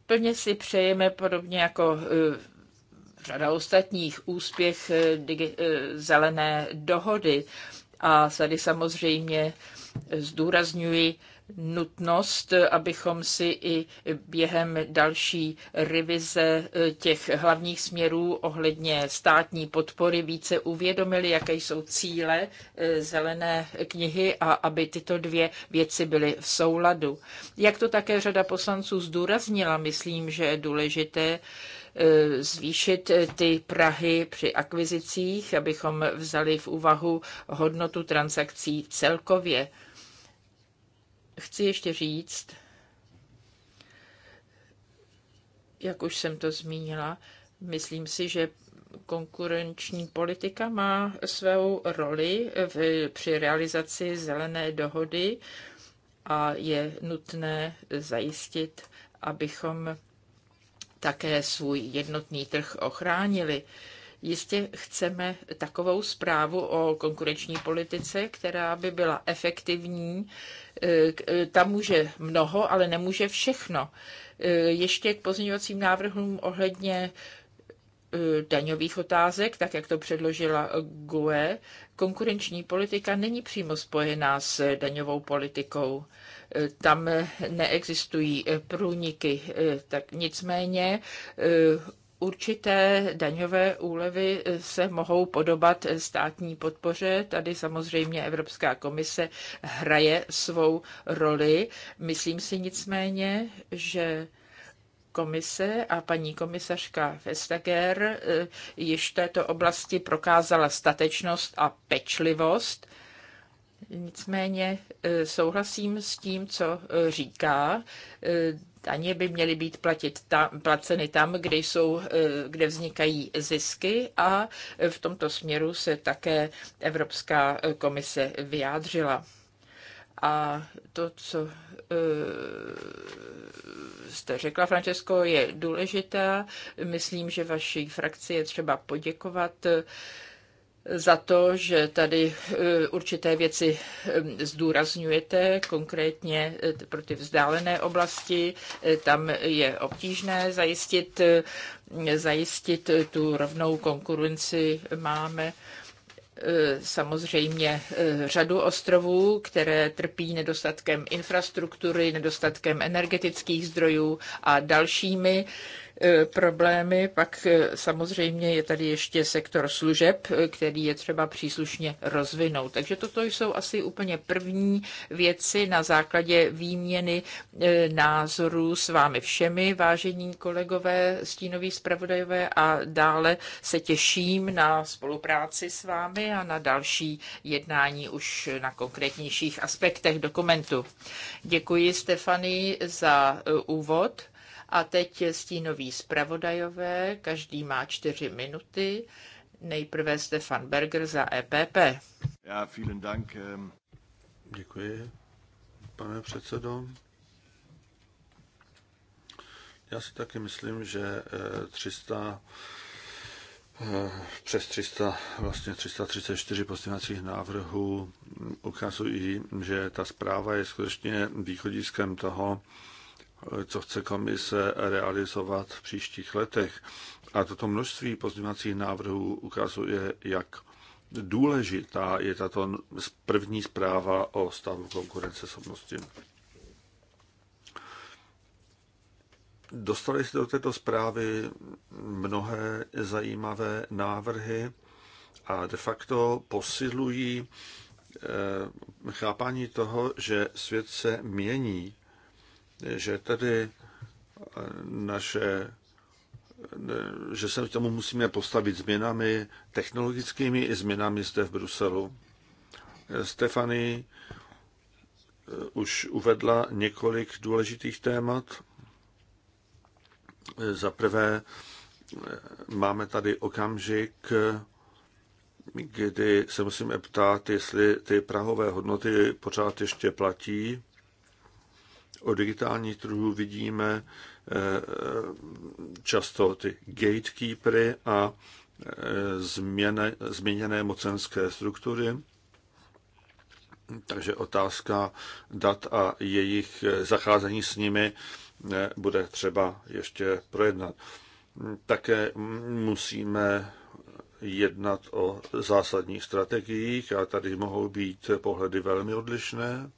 S1: Plně si přejeme podobně jako řada ostatních úspěch digi- zelené dohody. A tady samozřejmě zdůrazňuji nutnost, abychom si i během další revize eh, těch hlavních směrů ohledně státní podpory více uvědomili, jaké jsou cíle eh, zelené knihy a aby tyto dvě věci byly v souladu. Jak to také řada poslanců zdůraznila, myslím, že je důležité, eh, zvýšit ty prahy při akvizicích, abychom vzali v úvahu hodnotu transakcí celkově chci ještě říct, jak už jsem to zmínila, myslím si, že konkurenční politika má svou roli v, při realizaci zelené dohody a je nutné zajistit, abychom také svůj jednotný trh ochránili. Jistě chceme takovou zprávu o konkurenční politice, která by byla efektivní. Eh, eh, tam může mnoho, ale nemůže všechno. Eh, ještě k pozměňovacím návrhům ohledně daňových otázek, tak jak to předložila GUE, konkurenční politika není přímo spojená s daňovou politikou. Tam neexistují průniky, tak nicméně určité daňové úlevy se mohou podobat státní podpoře. Tady samozřejmě Evropská komise hraje svou roli. Myslím si nicméně, že komise a paní komisařka Vestager eh, již v této oblasti prokázala statečnost a pečlivost. Nicméně eh, souhlasím s tím, co eh, říká daně by měly být platit tam, placeny tam, kde, jsou, eh, kde vznikají zisky a v tomto směru se také Evropská eh, komise vyjádřila. A to, co eh, jste řekla, Francesco, je důležité. Myslím, že vaší frakci je třeba poděkovat za to, že tady eh, určité věci eh, zdůrazňujete, konkrétně eh, pro ty vzdálené oblasti. Tam je obtížné zajistit, zajistit tu rovnou konkurenci. Máme samozřejmě řadu ostrovů, které trpí nedostatkem infrastruktury, nedostatkem energetických zdrojů a dalšími E, problémy. Pak e, samozřejmě je tady ještě sektor služeb, e, který je třeba příslušně rozvinout. Takže toto jsou asi úplně první věci na základě výměny názorů s vámi všemi, vážení kolegové, stínoví zpravodajové a dále se těším na spolupráci s vámi a na další jednání už na konkrétnějších aspektech dokumentu. Děkuji Stefany za úvod. A teď stínoví zpravodajové, každý má čtyři minuty. Nejprve Stefan Berger za
S2: EPP. Já, vielen Dank. Ehm. Děkuji, pane předsedo. Já si taky myslím, že 300 eh, eh, přes 300, vlastně 334 pozměňovacích návrhů hm, ukazují, že ta zpráva je skutečně východiskem toho, co chce komise realizovat v příštích letech. A toto množství pozměňovacích návrhů ukazuje, jak důležitá je tato první zpráva o stavu konkurenceschopnosti. Dostali jste do této zprávy mnohé zajímavé návrhy a de facto posilují eh, chápání toho, že svět se mění že tady eh, naše že se k tomu musíme postavit změnami technologickými i změnami zde v Bruselu. Eh, Stefany eh, už uvedla několik důležitých témat. Za prvé máme tady okamžik, kdy se musíme ptát, jestli ty prahové hodnoty pořád ještě platí o digitálních trhů vidíme eh, často ty gatekeepery a eh, změny, změněné mocenské struktury. Takže otázka dat a jejich eh, zacházení s nimi bude třeba ještě projednat. Také musíme jednat o zásadních strategiích a tady mohou být pohledy velmi odlišné.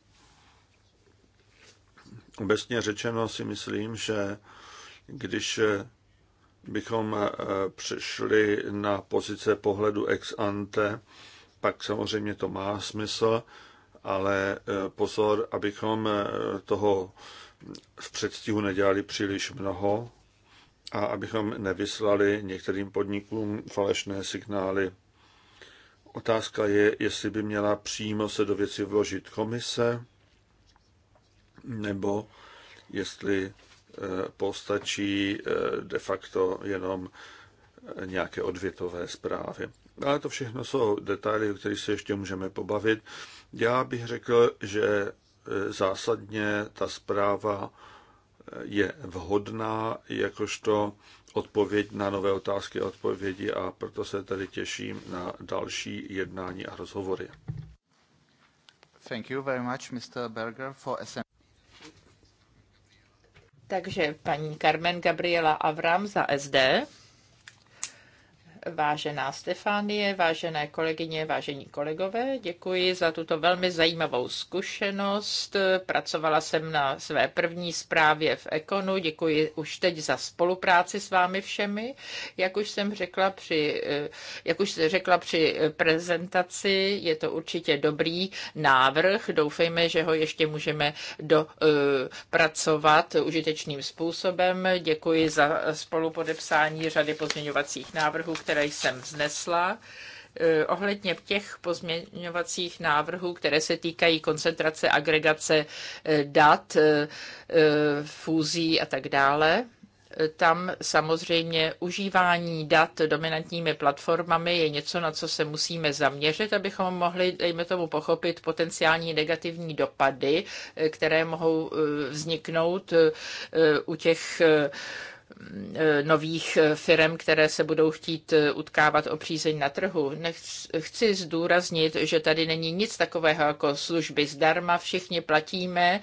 S2: Obecně řečeno si myslím, že když bychom eh, přišli na pozice pohledu ex ante, pak samozřejmě to má smysl, ale eh, pozor, abychom eh, toho v předstihu nedělali příliš mnoho a abychom nevyslali některým podnikům falešné signály. Otázka je, jestli by měla přímo se do věci vložit komise, nebo jestli eh, postačí eh, de facto jenom eh, nějaké odvětové zprávy. Ale to všechno jsou detaily, o kterých se ještě můžeme pobavit. Já bych řekl, že zásadně ta zpráva je vhodná jakožto odpověď na nové otázky a odpovědi a proto se tedy těším na další jednání a rozhovory. Thank you very much, Mr. Berger, for
S1: takže paní Carmen Gabriela Avram za SD. Vážená Stefánie, vážené kolegyně, vážení kolegové, děkuji za tuto velmi zajímavou zkušenost. Pracovala jsem na své první zprávě v Ekonu. Děkuji už teď za spolupráci s vámi všemi. Jak už jsem řekla při, eh, jak už jsem řekla při prezentaci, je to určitě dobrý návrh. Doufejme, že ho ještě můžeme dopracovat eh, užitečným způsobem. Děkuji za spolupodepsání řady pozměňovacích návrhů, které které jsem vznesla, eh, ohledně těch pozměňovacích návrhů, které se týkají koncentrace, agregace eh, dat, eh, fúzí a tak dále. Tam samozřejmě užívání dat dominantními platformami je něco, na co se musíme zaměřit, abychom mohli, dejme tomu, pochopit potenciální negativní dopady, které mohou vzniknout u těch Eh, nových eh, firm, které se budou chtít eh, utkávat o přízeň na trhu. Chci zdůraznit, že tady není nic takového jako služby zdarma. Všichni platíme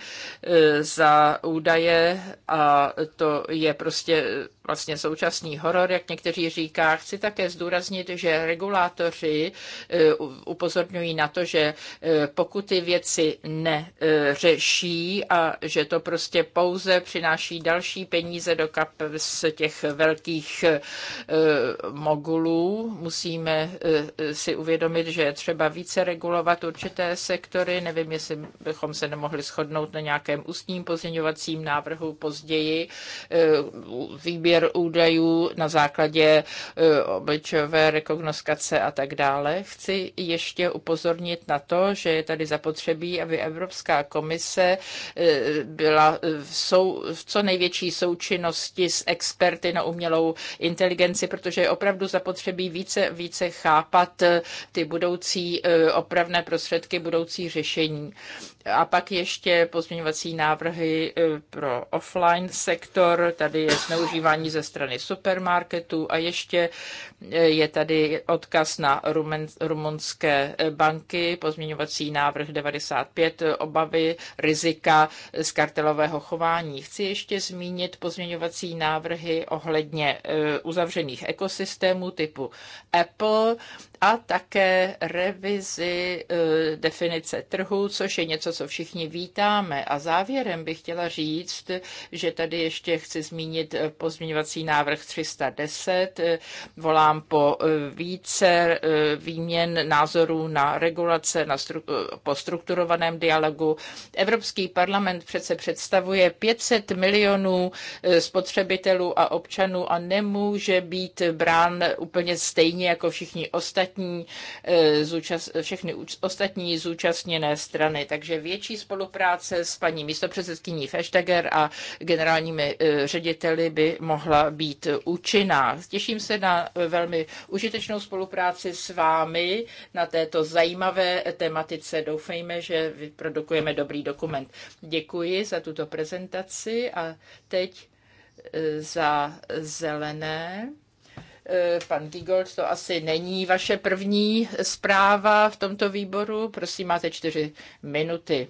S1: za údaje a to je prostě vlastně současný horor, jak někteří říká. Chci také zdůraznit, že regulátoři e, upozorňují na to, že e, pokud ty věci neřeší a že to prostě pouze přináší další peníze do kap z těch velkých e, mogulů, musíme si uvědomit, že je třeba více regulovat určité sektory. Nevím, jestli bychom se nemohli shodnout na nějakém ústním pozměňovacím návrhu později. Výběr sběr údajů na základě e, obličové rekognoskace a tak dále. Chci ještě upozornit na to, že je tady zapotřebí, aby Evropská komise e, byla v, e, sou, v co největší součinnosti s experty na umělou inteligenci, protože je opravdu zapotřebí více, více chápat ty budoucí opravné prostředky, budoucí řešení. A pak ještě pozměňovací návrhy e, pro offline sektor. Tady je zneužívání ze strany supermarketů a ještě e, je tady odkaz na rumunské e, banky, pozměňovací návrh 95, obavy, rizika z kartelového chování. Chci ještě zmínit pozměňovací návrhy ohledně uzavřených ekosystémů typu Apple a také revizi e, definice trhu, což je něco, co všichni vítáme. A závěrem bych chtěla říct, že tady ještě chci zmínit e, pozměňovací návrh 310. E, volám po více výměn názorů na regulace, na stru, po strukturovaném dialogu. Evropský parlament přece představuje 500 milionů spotřebitelů a občanů a nemůže být brán úplně stejně jako všichni ostatní ostatní, eh, všechny ostatní zúčastněné strany. Takže větší spolupráce s paní místopředsedkyní Feštager a generálními eh, řediteli by mohla být účinná. Těším se na eh, velmi užitečnou spolupráci s vámi na této zajímavé tematice. Doufejme, že vyprodukujeme dobrý dokument. Děkuji za tuto prezentaci a teď za zelené. Eh, pan Gigold, to asi není vaše první zpráva v tomto výboru. Prosím, máte čtyři minuty.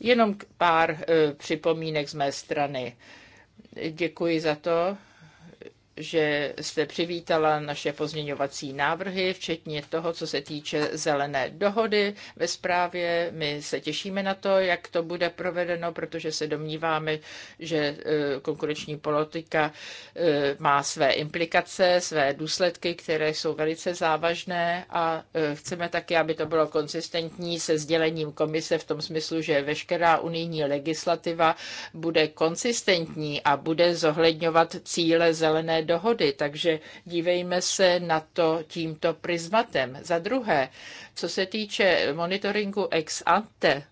S1: Jenom pár eh, připomínek z mé strany. Děkuji za to, že jste přivítala naše pozměňovací návrhy, včetně toho, co se týče zelené dohody ve zprávě. My se těšíme na to, jak to bude provedeno, protože se domníváme, že e, konkurenční politika e, má své implikace, své důsledky, které jsou velice závažné a e, chceme také, aby to bylo konsistentní se sdělením komise v tom smyslu, že veškerá unijní legislativa bude konsistentní a bude zohledňovat cíle zelené dohody, takže dívejme se na to tímto prismatem. Za druhé, co se týče monitoringu ex ante,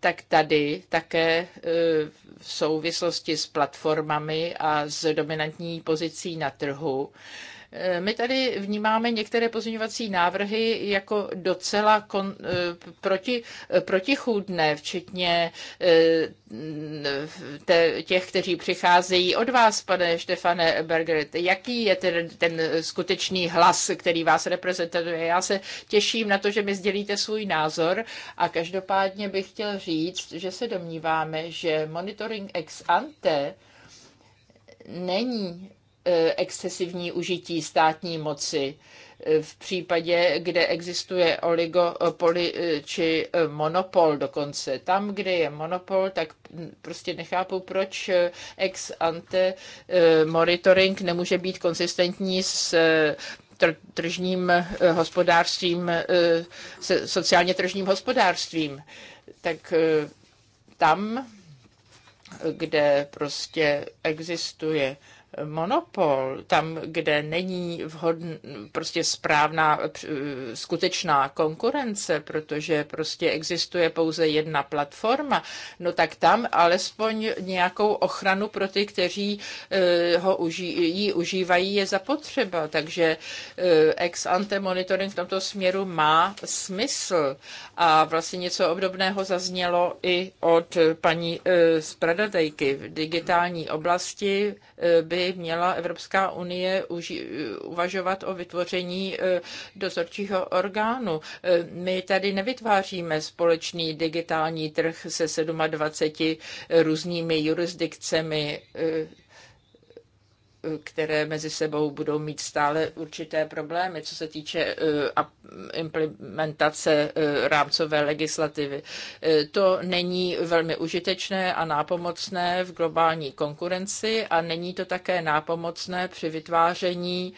S1: tak tady také e, v souvislosti s platformami a s dominantní pozicí na trhu Eh, my tady vnímáme některé pozměňovací návrhy jako docela kon, eh, proti, eh, protichůdné, včetně te, těch, kteří přicházejí od vás, pane Štefane Berger. Jaký je ten, ten skutečný hlas, který vás reprezentuje? Já se těším na to, že mi sdělíte svůj názor a každopádně bych chtěl říct, že se domníváme, že monitoring ex ante není Eh, excesivní užití státní moci eh, v případě, kde existuje oligopoly eh, či monopol dokonce. Tam, kde je monopol, tak prostě nechápu, proč ex ante monitoring nemůže být konsistentní s tržním hospodářstvím, se sociálně tržním hospodářstvím. Tak tam, kde prostě existuje monopol, tam, kde není vhodn, prostě správná eh, skutečná konkurence, protože prostě existuje pouze jedna platforma, no tak tam alespoň nějakou ochranu pro ty, kteří eh, ho uží, ji užívají, je zapotřeba. Takže eh, ex ante monitoring v tomto směru má smysl. A vlastně něco obdobného zaznělo i od paní Spradadejky. V digitální oblasti by měla Evropská unie eh, uvažovat o vytvoření eh, dozorčího orgánu. Eh, my tady nevytváříme společný digitální trh se 27 různými jurisdikcemi které mezi sebou budou mít stále určité problémy, co se týče eh, implementace eh, rámcové legislativy. Eh, to není velmi užitečné a nápomocné v globální konkurenci a není to také nápomocné při vytváření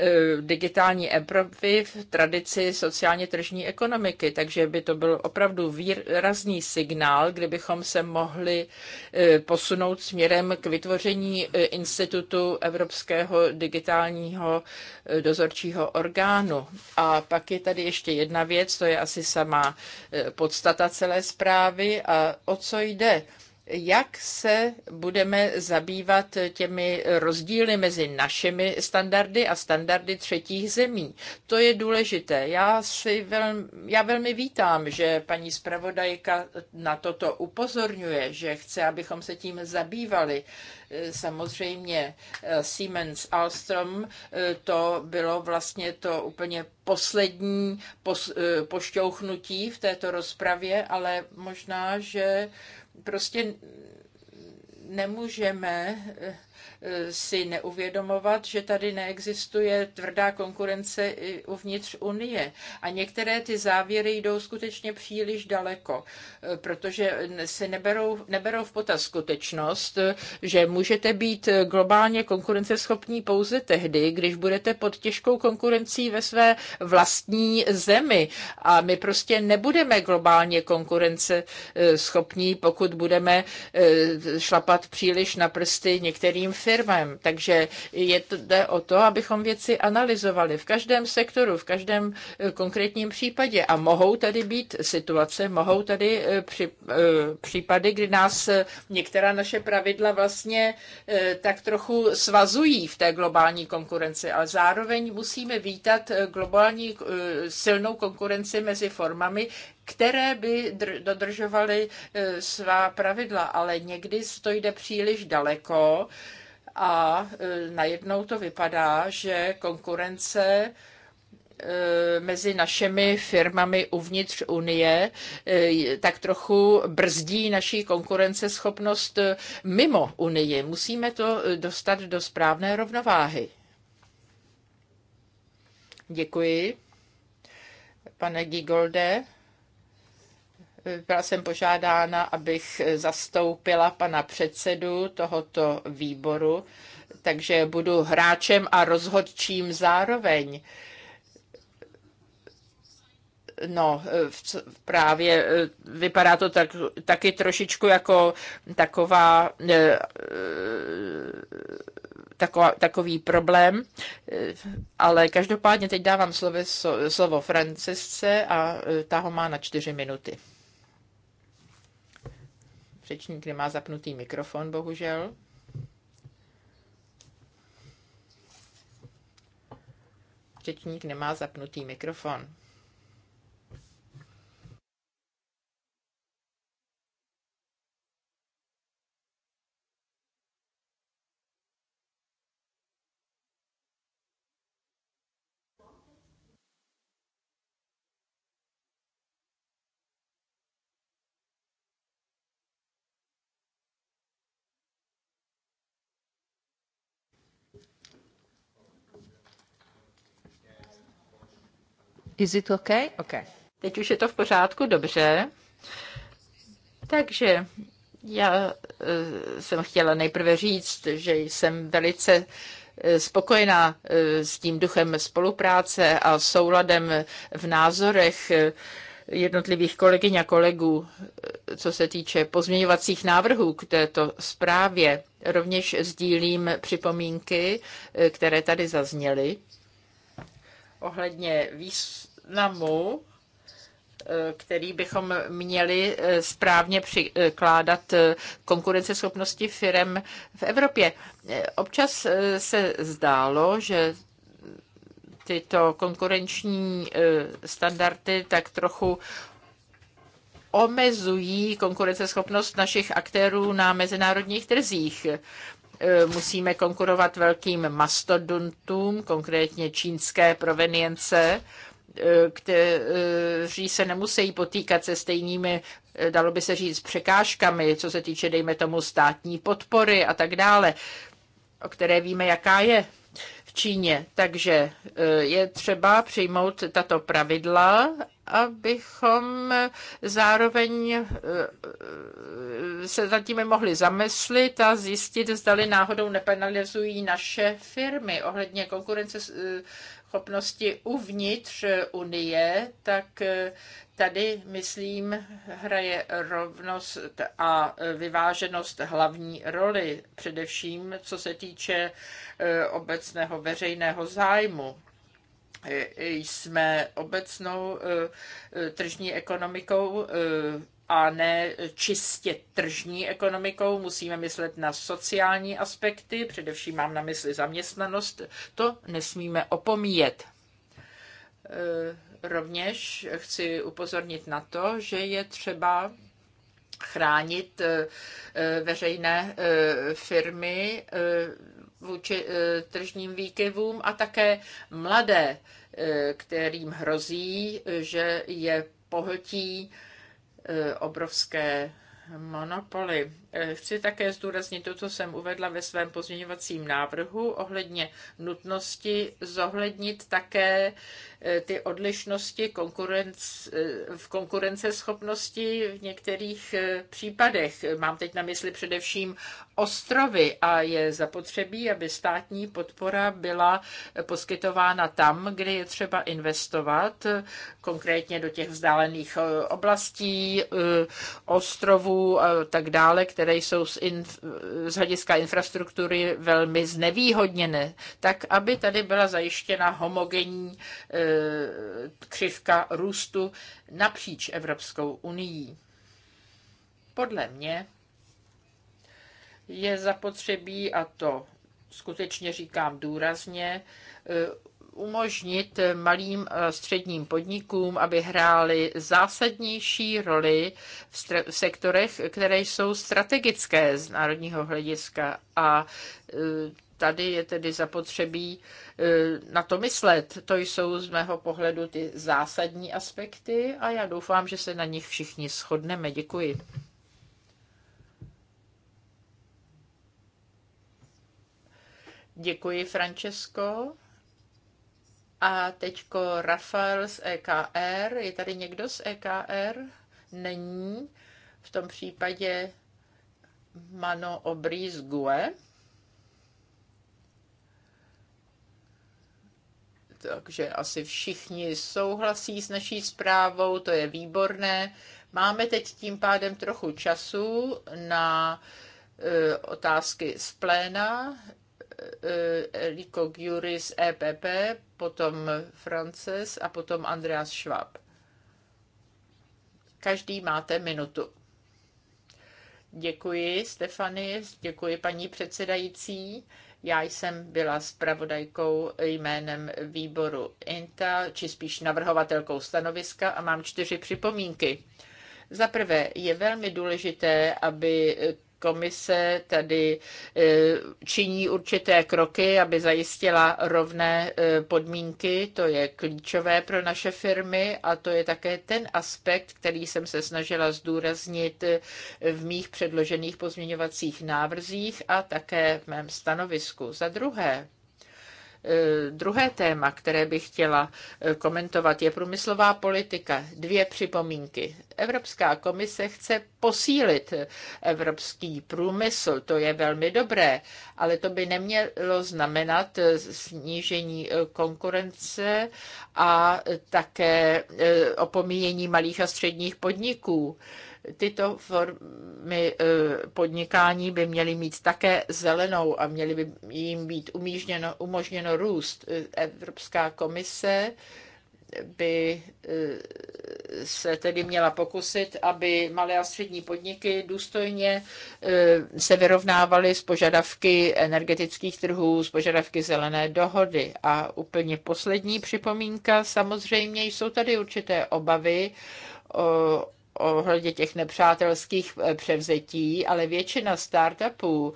S1: Eh, digitální Evropy v tradici sociálně tržní ekonomiky, takže by to byl opravdu výrazný signál, kdybychom se mohli eh, posunout směrem k vytvoření eh, institutu Evropského digitálního dozorčího orgánu. A pak je tady ještě jedna věc, to je asi sama podstata celé zprávy a o co jde jak se budeme zabývat těmi rozdíly mezi našimi standardy a standardy třetích zemí. To je důležité. Já, si velmi, já velmi vítám, že paní zpravodajka na toto upozorňuje, že chce, abychom se tím zabývali. Samozřejmě eh, Siemens Alstrom, eh, to bylo vlastně to úplně poslední pos, eh, pošťouchnutí v této rozpravě, ale možná, že prostě nemůžeme eh, Eh, si neuvědomovat, že tady neexistuje tvrdá konkurence i uvnitř Unie. A některé ty závěry jdou skutečně příliš daleko, eh, protože se neberou, neberou v potaz skutečnost, eh, že můžete být globálně konkurenceschopní pouze tehdy, když budete pod těžkou konkurencí ve své vlastní zemi. A my prostě nebudeme globálně konkurence schopní, pokud budeme šlapat příliš na prsty některým nadnárodním firmám. Takže je, jde o to, abychom věci analyzovali v každém sektoru, v každém eh, konkrétním případě. A mohou tady být situace, mohou tady eh, při, eh, případy, kdy nás některá naše pravidla vlastně tak trochu svazují v té globální konkurenci, ale zároveň musíme vítat globální silnou konkurenci mezi formami, které by dodržovaly e, svá pravidla, ale někdy to jde příliš daleko a e, najednou to vypadá, že konkurence e, mezi našimi firmami uvnitř Unie tak trochu brzdí naší konkurenceschopnost mimo Unii. Musíme to dostat do správné rovnováhy. Děkuji. Pane Gigolde. Byla jsem požádána, abych zastoupila pana předsedu tohoto výboru, takže budu hráčem a rozhodčím zároveň no, právě eh, vypadá to tak, taky trošičku jako taková, eh, eh, taková, takový problém, ale každopádně teď dávám slovo, slovo Francisce a ta ho má na čtyři minuty. Řečník nemá zapnutý mikrofon, bohužel. Řečník nemá zapnutý mikrofon.
S3: Is it okay?
S1: Okay. Teď už je to v pořádku, dobře. Takže já e, jsem chtěla nejprve říct, že jsem velice e, spokojená e, s tím duchem spolupráce a souladem v názorech jednotlivých kolegyň a kolegů, co se týče pozměňovacích návrhů k této zprávě. Rovněž sdílím připomínky, které tady zazněly ohledně výs významu, eh, který bychom měli eh, správně přikládat eh, konkurenceschopnosti firm v Evropě. Občas se zdálo, že tyto konkurenční standardy tak trochu omezují konkurenceschopnost našich aktérů na mezinárodních trzích. Musíme konkurovat velkým mastodontům, konkrétně čínské provenience, kteří se nemusí potýkat se stejnými, eh, dalo by se říct, překážkami, co se týče, dejme tomu, státní podpory a tak dále, o které víme, jaká je v Číně. Takže eh, je třeba přijmout tato pravidla abychom zároveň eh, se zatím mohli zamyslit a zjistit, zdali náhodou nepenalizují naše firmy ohledně konkurence schopnosti uvnitř Unie, tak eh, tady, myslím, hraje rovnost a vyváženost hlavní roli, především co se týče eh, obecného veřejného zájmu eh, jsme obecnou tržní ekonomikou a ne čistě tržní ekonomikou. Musíme myslet na sociální aspekty, především mám na mysli zaměstnanost. To nesmíme opomíjet. E, rovněž chci upozornit na to, že je třeba chránit e, e, veřejné firmy vůči tržním výkyvům a také mladé, kterým hrozí, že je pohltí Eh, obrovské monopoly Eh, chci také zdůraznit to, co jsem uvedla ve svém pozměňovacím návrhu ohledně nutnosti zohlednit také eh, ty odlišnosti konkurence eh, v konkurenceschopnosti v některých případech. Mám teď na mysli především ostrovy a je zapotřebí, aby státní podpora byla poskytována tam, kde je třeba investovat, konkrétně do těch vzdálených oblastí, ostrovů a tak dále, které jsou z, inf, z hlediska infrastruktury velmi znevýhodněné, tak aby tady byla zajištěna homogenní e, křivka růstu napříč Evropskou unii. Podle mě je zapotřebí, a to skutečně říkám důrazně, e, umožnit malým a eh, středním podnikům, aby hrály zásadnější roli v, v sektorech, které jsou strategické z národního hlediska. A eh, tady je tedy zapotřebí eh, na to myslet. To jsou z mého pohledu ty zásadní aspekty a já doufám, že se na nich všichni shodneme. Děkuji. Děkuji, Francesco. A teďko Rafael z EKR. Je tady někdo z EKR? Není. V tom případě Mano Obrý z GUE. takže asi všichni souhlasí s naší zprávou, to je výborné. Máme teď tím pádem trochu času na e, otázky z pléna. Liko Gyuri EPP, potom Frances a potom Andreas Schwab. Každý máte minutu. Děkuji, Stefany, děkuji, paní předsedající. Já jsem byla zpravodajkou jménem výboru INTA, či spíš navrhovatelkou stanoviska a mám čtyři připomínky. Za prvé, je velmi důležité, aby Komise tedy e, činí určité kroky, aby zajistila rovné e, podmínky. To je klíčové pro naše firmy a to je také ten aspekt, který jsem se snažila zdůraznit e, v mých předložených pozměňovacích návrzích a také v mém stanovisku. Za druhé, Eh, druhé téma, které bych chtěla eh, komentovat, je průmyslová politika. Dvě připomínky. Evropská komise chce posílit eh, evropský průmysl, to je velmi dobré, ale to by nemělo znamenat snížení konkurence a také opomíjení malých a středních podniků. Tyto formy e, podnikání by měly mít také zelenou a měly by jim být umížněno, umožněno růst. E, Evropská komise by e, se tedy měla pokusit, aby malé a střední podniky důstojně se vyrovnávaly s požadavky energetických trhů, s požadavky zelené dohody. A úplně poslední připomínka, samozřejmě jsou tady určité obavy o ohledně těch nepřátelských eh, převzetí, ale většina startupů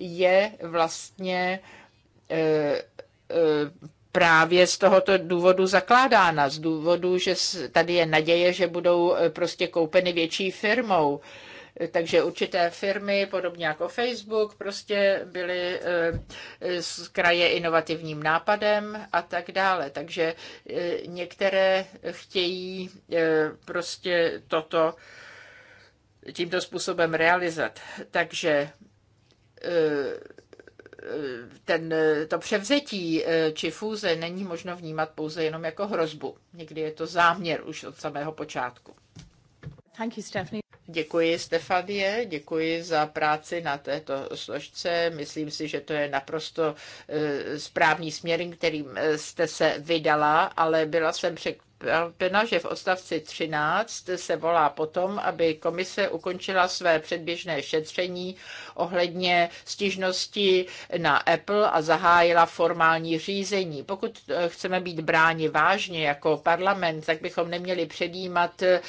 S1: je vlastně eh, eh, právě z tohoto důvodu zakládána, z důvodu, že tady je naděje, že budou prostě koupeny větší firmou. Takže určité firmy, podobně jako Facebook, prostě byly eh, z kraje inovativním nápadem a tak dále. Takže eh, některé chtějí eh, prostě toto tímto způsobem realizovat. Takže ten, to převzetí či fúze není možno vnímat pouze jenom jako hrozbu. Někdy je to záměr už od samého počátku. Thank you, Stephanie. Děkuji Stefanie, děkuji za práci na této složce. Myslím si, že to je naprosto e, správný směr, kterým e, jste se vydala, ale byla jsem překvapená, že v odstavci 13 se volá potom, aby komise ukončila své předběžné šetření ohledně stížnosti na Apple a zahájila formální řízení. Pokud eh, chceme být bráni vážně jako parlament, tak bychom neměli předjímat eh,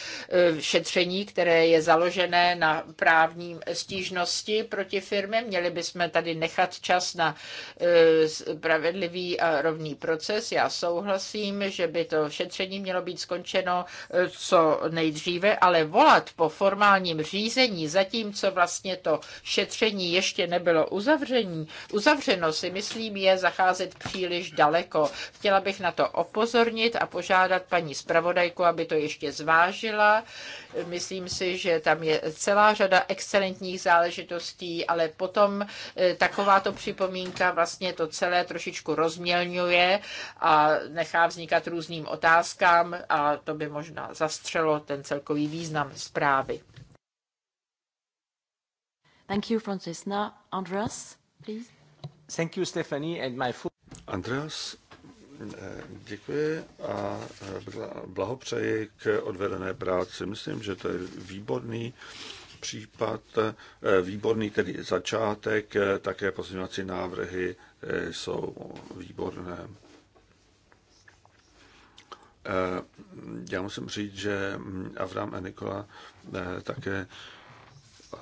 S1: šetření, které je založené na právním stížnosti proti firmě. Měli bychom tady nechat čas na eh, spravedlivý a rovný proces. Já souhlasím, že by to šetření mělo být skončeno co nejdříve, ale volat po formálním řízení, zatímco vlastně to šetření šetření ještě nebylo uzavření, uzavřeno, si myslím, je zacházet příliš daleko. Chtěla bych na to opozornit a požádat paní zpravodajku, aby to ještě zvážila. Myslím si, že tam je celá řada excelentních záležitostí, ale potom eh, takováto připomínka vlastně to celé trošičku rozmělňuje a nechá vznikat různým otázkám a to by možná zastřelo ten celkový význam zprávy. Thank you, Francis. Now, Andreas, please.
S2: Thank you, Stephanie, and my full... Andreas, eh, děkuji a eh, blahopřeji k odvedené práci. Myslím, že to je výborný případ, eh, výborný tedy začátek, také pozměňovací návrhy jsou výborné. Já musím říct, že mm, Avram a Nikola také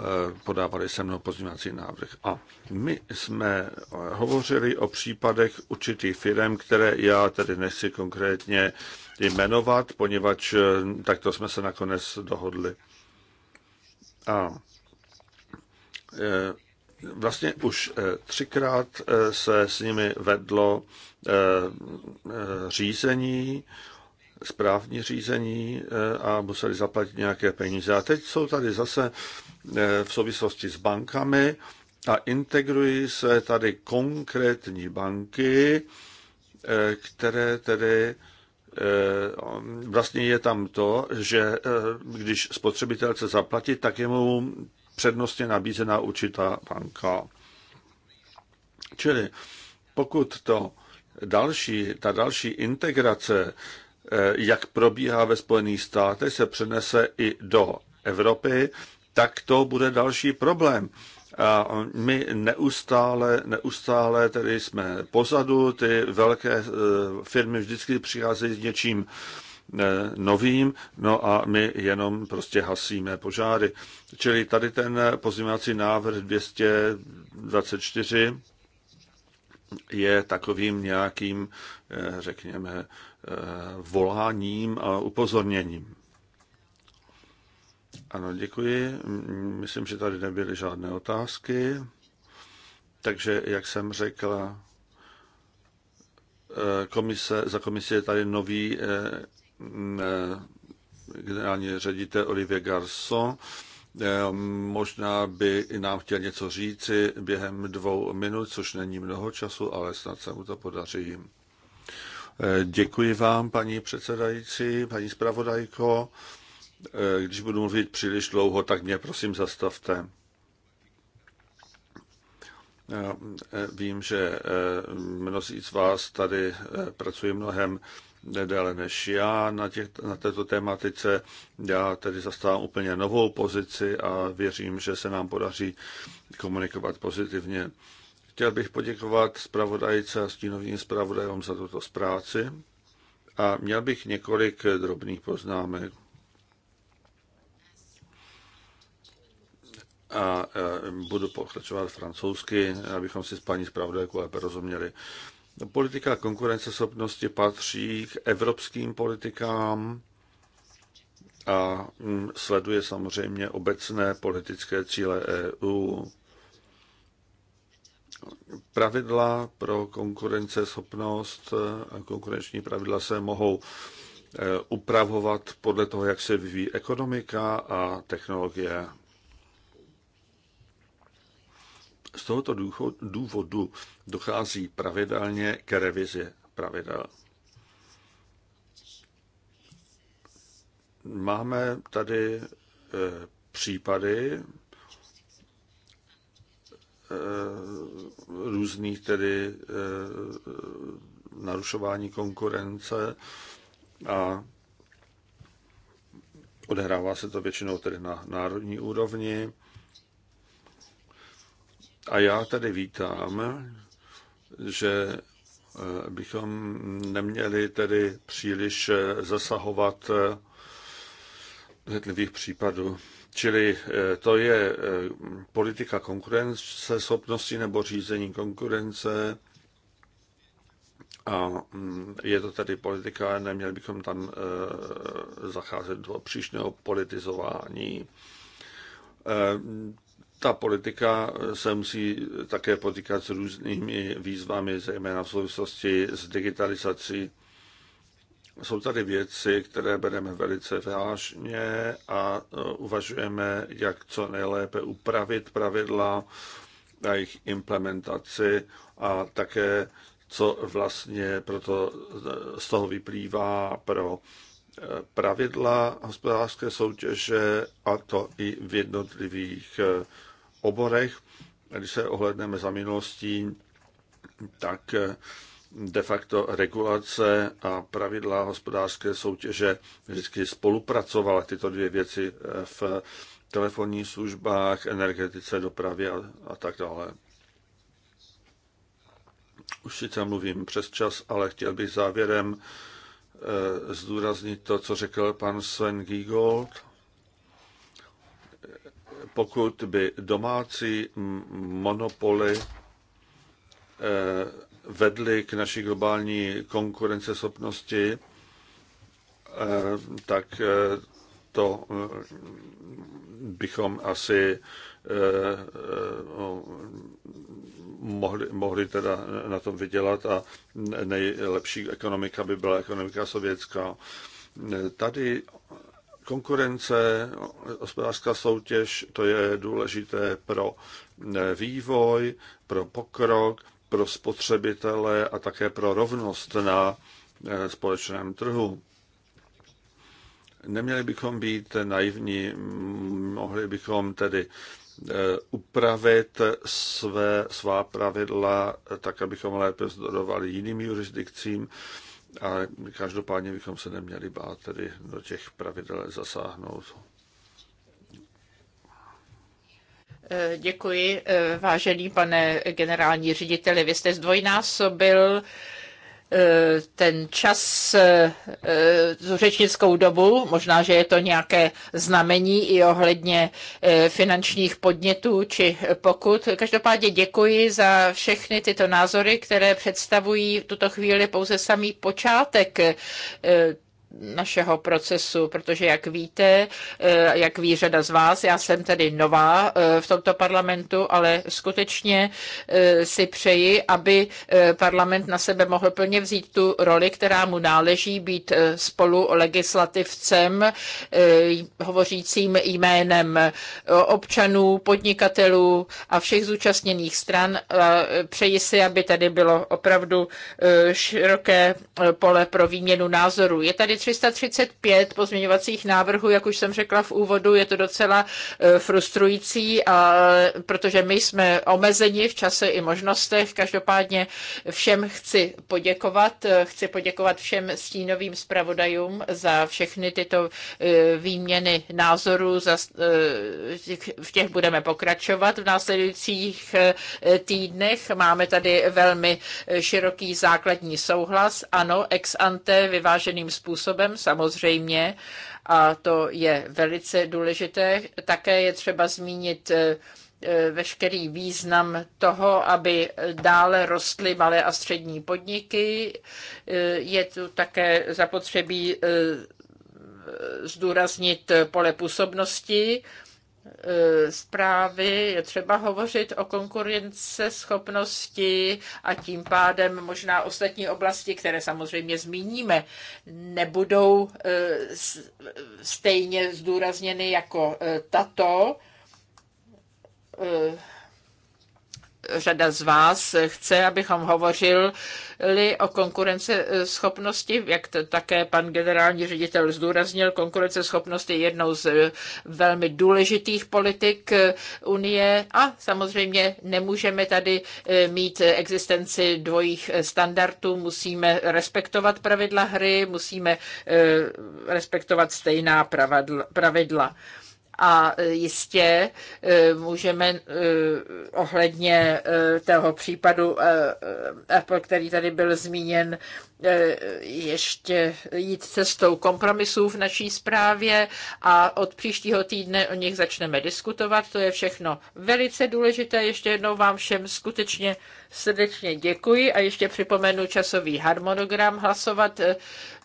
S2: Eh, podávali se mnou pozměňovací návrh. A my jsme eh, hovořili o případech určitých firm, které já tedy nechci konkrétně jmenovat, poněvadž eh, takto jsme se nakonec dohodli. A vlastně už třikrát se s nimi vedlo řízení správní řízení eh, a museli zaplatit nějaké peníze. A teď jsou tady zase eh, v souvislosti s bankami a integrují se tady konkrétní banky, eh, které tedy vlastně je tam to, že když spotřebitel chce zaplatit, tak je mu přednostně nabízená určitá banka. Čili pokud to další, ta další integrace Eh, jak probíhá ve Spojených státech, se přenese i do Evropy, tak to bude další problém. A my neustále, neustále tedy jsme pozadu, ty velké eh, firmy vždycky přicházejí s něčím eh, novým, no a my jenom prostě hasíme požáry. Čili tady ten pozměňovací návrh 224 je takovým nějakým, řekněme, Eh, voláním a upozorněním. Ano, děkuji. Myslím, že tady nebyly žádné otázky. Takže, jak jsem řekla, eh, komise, za komisi je tady nový eh, generální ředitel Olivier Garson. Možná by i nám chtěl něco říci během dvou minut, což není mnoho času, ale snad se mu to podaří. Děkuji vám, paní předsedající, paní zpravodajko. Eh, když budu mluvit příliš dlouho, tak mě prosím zastavte. Já eh, vím, že eh, mnozí z vás tady pracují mnohem déle než já na, těch, na této tématice. Já tedy zastávám úplně novou pozici a věřím, že se nám podaří komunikovat pozitivně. Chtěl bych poděkovat zpravodajce a stínovým zpravodajům za tuto zpráci a měl bych několik drobných poznámek. A e, budu pokračovat francouzsky, abychom si s paní zpravodajkou lépe rozuměli. Politika konkurenceschopnosti patří k evropským politikám a mm, sleduje samozřejmě obecné politické cíle EU pravidla pro konkurenceschopnost a konkurenční pravidla se mohou eh, upravovat podle toho, jak se vyvíjí ekonomika a technologie. Z tohoto důvodu dochází pravidelně k revizi pravidel. Máme tady eh, případy, Eh, různých tedy eh, narušování konkurence a odehrává se to většinou tedy na národní úrovni. A já tady vítám, že eh, bychom neměli tedy příliš zasahovat do jednotlivých případů. Čili eh, to je eh, politika konkurence, schopnosti nebo řízení konkurence. A mm, je to tedy politika, neměli bychom tam eh, zacházet do příštího politizování. Ta politika se musí také potýkat s různými výzvami, zejména v souvislosti s digitalizací jsou tady věci, které bereme velice vážně a e, uvažujeme, jak co nejlépe upravit pravidla a jejich implementaci a také, co vlastně proto e, z toho vyplývá pro e, pravidla hospodářské soutěže a to i v jednotlivých oborech. Když se ohledneme za minulostí, tak de facto regulace a pravidla hospodářské soutěže vždycky spolupracovala tyto dvě věci v telefonních službách, energetice, dopravě a, a tak dále. Už sice mluvím přes čas, ale chtěl bych závěrem e, zdůraznit to, co řekl pan Sven Giegold. Pokud by domácí monopoly eh, vedly k naší globální konkurenceschopnosti, eh, tak eh, to eh, bychom asi mohli, mohli teda na tom vydělat a nejlepší ekonomika by byla ekonomika sovětská. Tady konkurence, hospodářská soutěž, to je důležité pro vývoj, pro pokrok pro spotřebitele a také pro rovnost na eh, společném trhu. Neměli bychom být naivní, mohli bychom tedy eh, upravit své, svá pravidla tak, abychom lépe zdorovali jiným jurisdikcím, ale každopádně bychom se neměli bát tedy do těch pravidel zasáhnout.
S1: Eh, děkuji, eh, vážený pane generální řediteli. Vy jste zdvojnásobil eh, ten čas, tu řečnickou dobu, možná, že je to nějaké znamení i ohledně finančních podnětů či pokud. Každopádně děkuji za všechny tyto názory, které představují v tuto chvíli pouze samý počátek našeho procesu, protože jak víte, eh, jak ví řada z vás, já jsem tedy nová eh, v tomto parlamentu, ale skutečně eh, si přeji, aby parlament na sebe mohl plně vzít tu roli, která mu náleží být spolu legislativcem, hovořícím jménem občanů, podnikatelů a všech zúčastněných stran. Přeji si, aby tady bylo opravdu široké pole pro výměnu názorů. Je tady 335 pozměňovacích návrhů, jak už jsem řekla v úvodu, je to docela e, frustrující, a, protože my jsme omezeni v čase i možnostech. Každopádně všem chci poděkovat. E, chci poděkovat všem stínovým zpravodajům za všechny tyto e, výměny názorů. Za, v těch budeme pokračovat v následujících týdnech. Máme tady velmi široký základní souhlas. Ano, ex ante vyváženým způsobem způsobem, samozřejmě, a to je velice důležité. Také je třeba zmínit eh, eh, veškerý význam toho, aby dále rostly malé a střední podniky. Eh, je tu také zapotřebí zdůraznit pole působnosti E, zprávy, je třeba hovořit o schopnosti a tím pádem možná ostatní oblasti, které samozřejmě zmíníme, nebudou e, stejně zdůrazněny jako e, tato řada z vás chce, abychom hovořili o konkurenceschopnosti, jak to také pan generální ředitel zdůraznil, konkurenceschopnost je jednou z velmi důležitých politik eh, Unie a samozřejmě nemůžeme tady eh, mít existenci dvojích eh, standardů, musíme respektovat pravidla hry, musíme respektovat stejná pravidla. A e, jistě e, můžeme e, ohledně toho případu Apple, který tady byl zmíněn, ještě jít cestou kompromisů v naší zprávě a od příštího týdne o nich začneme diskutovat. To je všechno velice důležité. Ještě jednou vám všem skutečně srdečně děkuji a ještě připomenu časový harmonogram hlasovat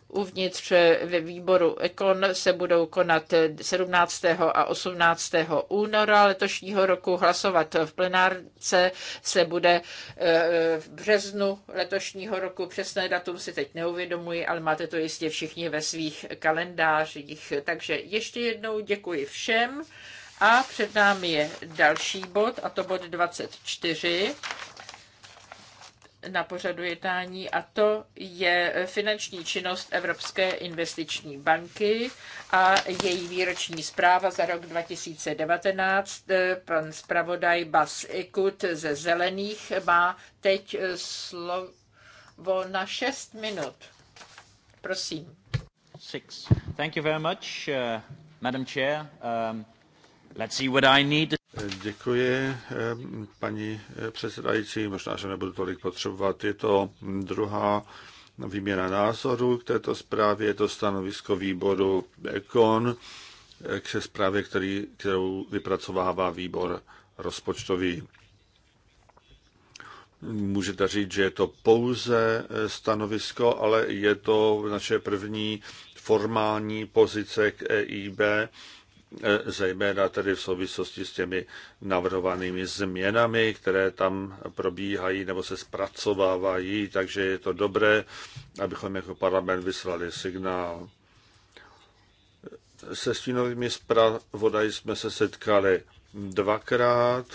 S1: Uvnitř ve výboru Ekon se budou konat 17. a 18. února letošního roku. Hlasovat v plenárce se bude eh, v březnu letošního roku. Přesné datum si teď neuvědomuji, ale máte to jistě všichni ve svých kalendářích. Takže ještě jednou děkuji všem. A před námi je další bod, a to bod 24 na pořadu jednání a to je finanční činnost Evropské investiční banky a její výroční zpráva za rok 2019. Pan zpravodaj Bas Ikut ze Zelených má teď slovo na 6 minut. Prosím. Six. Thank you very much, uh,
S2: Madam Chair. Um... Let's see what I need. Eh, děkuji, eh, paní eh, předsedající. Možná, že nebudu tolik potřebovat. Je to druhá výměna názorů k této zprávě. Je to stanovisko výboru ECON k se zprávě, který, kterou vypracovává výbor rozpočtový. Můžete říct, že je to pouze stanovisko, ale je to naše první formální pozice k EIB E, zejména tedy v souvislosti s těmi navrhovanými změnami, které tam probíhají nebo se zpracovávají, takže je to dobré, abychom jako parlament vyslali signál. Se stínovými zpravodaji jsme se setkali dvakrát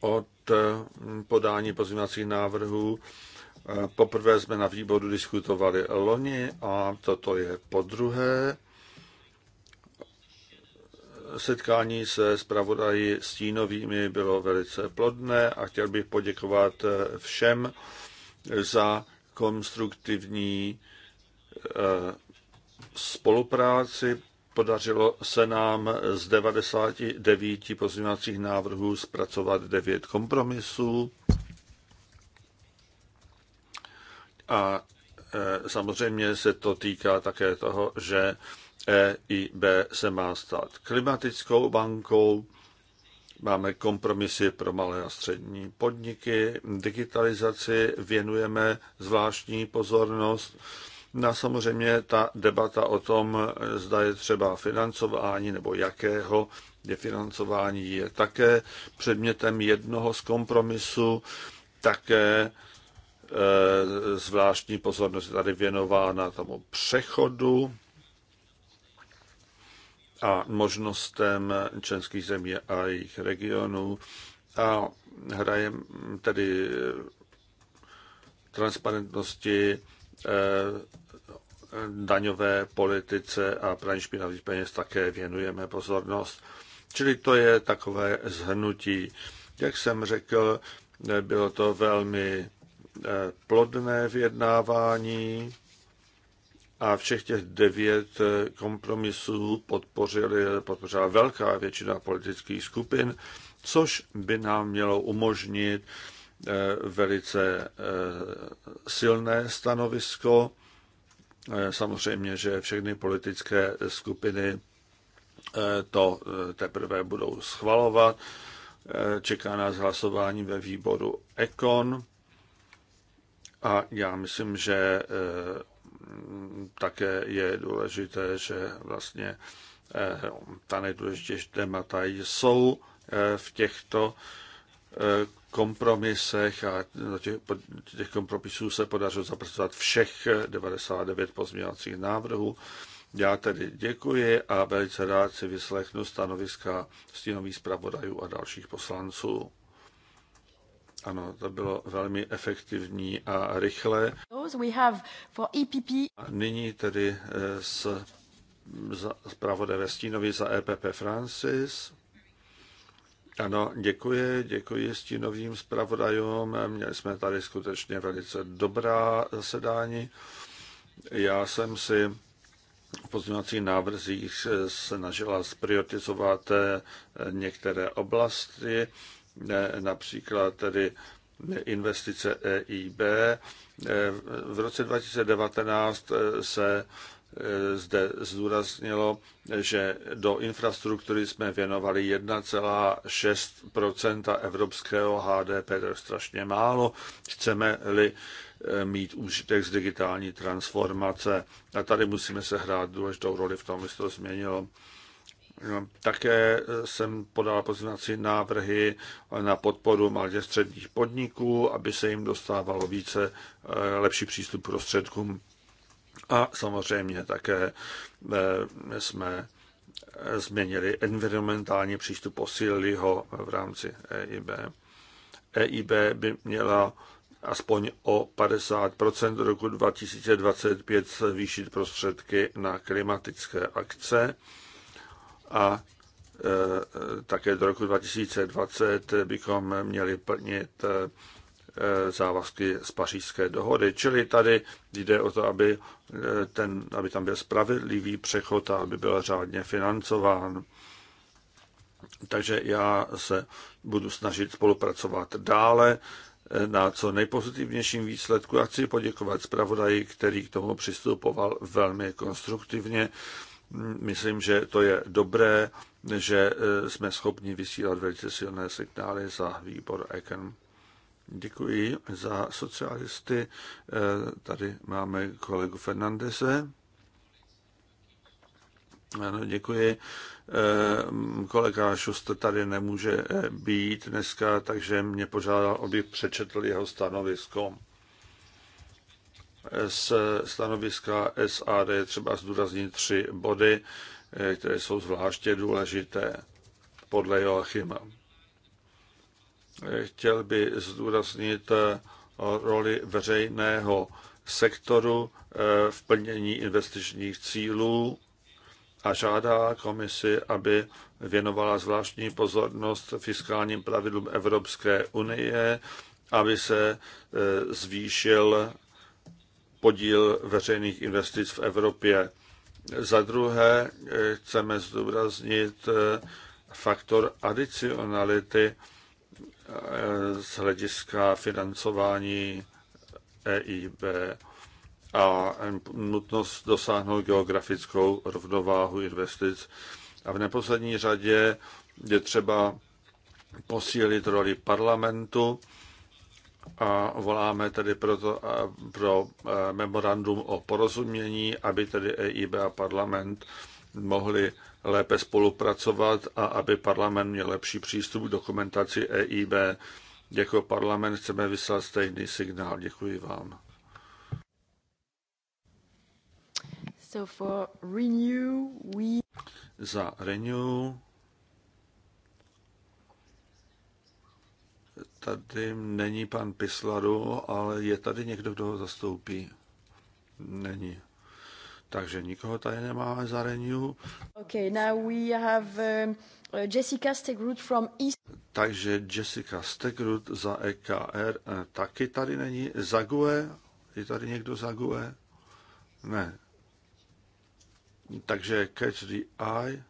S2: od mm, podání pozměňovacích návrhů. E, poprvé jsme na výboru diskutovali loni a toto je po druhé. Setkání se zpravodaji stínovými bylo velice plodné a chtěl bych poděkovat všem za konstruktivní eh, spolupráci. Podařilo se nám z 99 pozměňovacích návrhů zpracovat 9 kompromisů. A eh, samozřejmě se to týká také toho, že EIB se má stát klimatickou bankou, máme kompromisy pro malé a střední podniky, digitalizaci věnujeme zvláštní pozornost. No samozřejmě ta debata o tom, zda je třeba financování nebo jakého je financování, je také předmětem jednoho z kompromisů. Také e, zvláštní pozornost je tady věnována tomu přechodu a možnostem členských zemí a jejich regionů a hraje tedy transparentnosti eh, daňové politice a praní špinavých peněz také věnujeme pozornost. Čili to je takové zhrnutí. Jak jsem řekl, bylo to velmi eh, plodné vyjednávání a všech těch devět eh, kompromisů podpořili, podpořila velká většina politických skupin, což by nám mělo umožnit eh, velice eh, silné stanovisko. Samozřejmě, že všechny politické skupiny to teprve budou schvalovat. Čeká nás hlasování ve výboru Ekon. A já myslím, že také je důležité, že vlastně eh, ta nejdůležitější témata jsou eh, v těchto eh, kompromisech a do těch, těch kompromisů se podařilo zapracovat všech 99 pozměňovacích návrhů. Já tedy děkuji a velice rád si vyslechnu stanoviska stínových zpravodajů a dalších poslanců. Ano, to bylo velmi efektivní a rychlé.
S1: E a
S2: nyní tedy eh, s zpravodajem Stínovi za EPP Francis. Ano, děkuji, děkuji stínovým zpravodajům. Měli jsme tady skutečně velice dobrá zasedání. Já jsem si v pozměňovacích návrzích snažila sprioritizovat eh, některé oblasti, například tedy investice EIB. V roce 2019 eh, se eh, zde zdůraznilo, že do infrastruktury jsme věnovali 1,6 evropského HDP, to je strašně málo. Chceme-li eh, mít užitek z digitální transformace. A tady musíme se hrát důležitou roli v tom, aby se to změnilo. No, také e, jsem podal pozvací návrhy na podporu malých středních podniků, aby se jim dostávalo více e, lepší přístup k prostředkům. A samozřejmě také e, jsme změnili environmentální přístup, posílili ho v rámci EIB. EIB by měla aspoň o 50 roku 2025 zvýšit prostředky na klimatické akce a e, e, také do roku 2020 bychom měli plnit e, závazky z pařížské dohody. Čili tady jde o to, aby, ten, aby tam byl spravedlivý přechod a aby byl řádně financován. Takže já se budu snažit spolupracovat dále na co nejpozitivnějším výsledku. Já chci poděkovat zpravodaji, který k tomu přistupoval velmi konstruktivně Myslím, že to je dobré, že e, jsme schopni vysílat velice silné signály za výbor EKEN. Děkuji za socialisty. E, tady máme kolegu Fernandeze. Ano, děkuji. E, kolega Šuster tady nemůže být dneska, takže mě požádal, aby přečetl jeho stanovisko z stanoviska SAD třeba zdůraznit tři body, eh, které jsou zvláště důležité podle Joachima. Eh, chtěl by zdůraznit eh, roli veřejného sektoru v plnění investičních cílů a žádá komisi, aby věnovala zvláštní pozornost fiskálním pravidlům Evropské unie, aby se zvýšil podíl veřejných investic v Evropě. Za druhé eh, chceme zdůraznit eh, faktor adicionality eh, z hlediska financování EIB a nutnost dosáhnout geografickou rovnováhu investic. A v neposlední řadě je třeba posílit roli parlamentu a voláme tedy proto, pro e, memorandum o porozumění, aby tedy EIB a parlament mohli lépe spolupracovat a aby parlament měl lepší přístup k dokumentaci EIB. Jako parlament chceme vyslat stejný signál. Děkuji vám.
S1: So for renew, we...
S2: Za Renew tady není pan Pisladu, ale je tady někdo, kdo ho zastoupí? Není. Takže nikoho tady nemáme za Renew.
S1: Okay, now we have um, Jessica Stegrud from East.
S2: Takže Jessica Stegrud za EKR eh, taky tady není. Zague? Je tady někdo Zague? Ne. Takže Catch the Eye.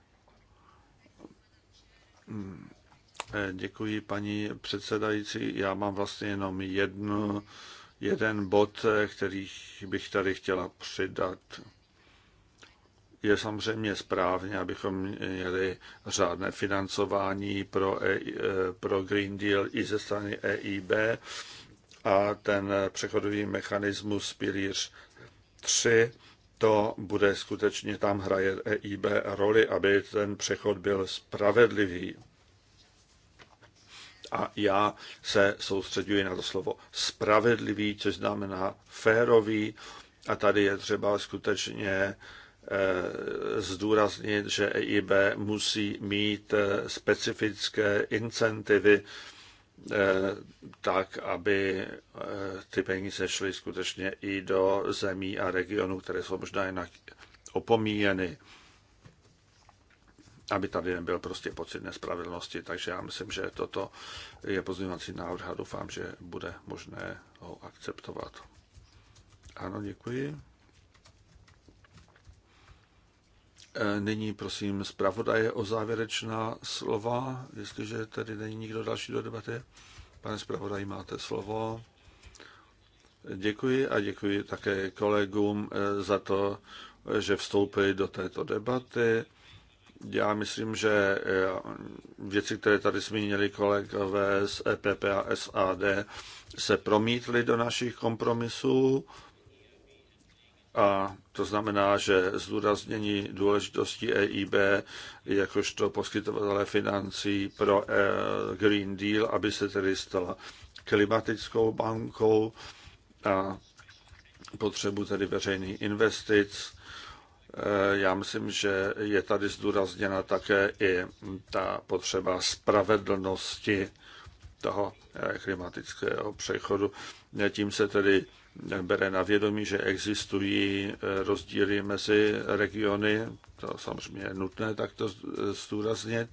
S2: Hmm. Eh, děkuji, paní předsedající. Já mám vlastně jenom jedno, jeden bod, eh, který bych tady chtěla přidat. Je samozřejmě správně, abychom měli řádné financování pro, e, eh, pro Green Deal i ze strany EIB a ten přechodový mechanismus pilíř 3 to bude skutečně tam hraje EIB roli, aby ten přechod byl spravedlivý a já se soustředuji na to slovo spravedlivý, což znamená férový. A tady je třeba skutečně eh, zdůraznit, že EIB musí mít eh, specifické incentivy eh, tak, aby ty peníze šly skutečně i do zemí a regionů, které jsou možná jinak opomíjeny aby tady nebyl prostě pocit nespravedlnosti. Takže já myslím, že toto je pozměňovací návrh a doufám, že bude možné ho akceptovat. Ano, děkuji. E, nyní prosím zpravodaje o závěrečná slova, jestliže tady není nikdo další do debaty. Pane zpravodaji, máte slovo. Děkuji a děkuji také kolegům e, za to, že vstoupili do této debaty. Já myslím, že eh, věci, které tady zmínili kolegové z EPP a SAD, se promítly do našich kompromisů a to znamená, že zdůraznění důležitosti EIB jakožto poskytovatele financí pro eh, Green Deal, aby se tedy stala klimatickou bankou a potřebu tedy veřejných investic Eh, já myslím, že je tady zdůrazněna také i ta potřeba spravedlnosti toho eh, klimatického přechodu. Tím se tedy bere na vědomí, že existují eh, rozdíly mezi regiony, to samozřejmě je nutné takto zdůraznit.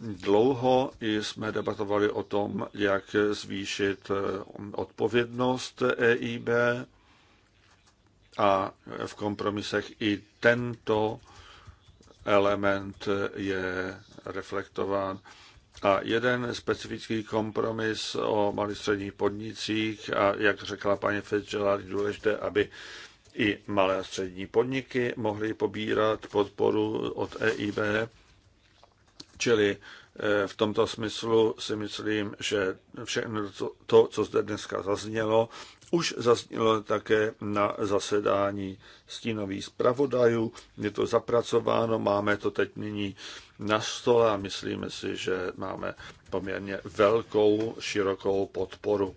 S2: Dlouho jsme debatovali o tom, jak zvýšit odpovědnost EIB a v kompromisech i tento element je reflektován. A jeden specifický kompromis o malých středních podnicích a jak řekla paní Fitzgerald, důležité, aby i malé a střední podniky mohly pobírat podporu od EIB, čili eh, v tomto smyslu si myslím, že všechno to, co zde dneska zaznělo, už zaznělo také na zasedání stínových zpravodajů. Je to zapracováno, máme to teď nyní na stole a myslíme si, že máme poměrně velkou, širokou podporu.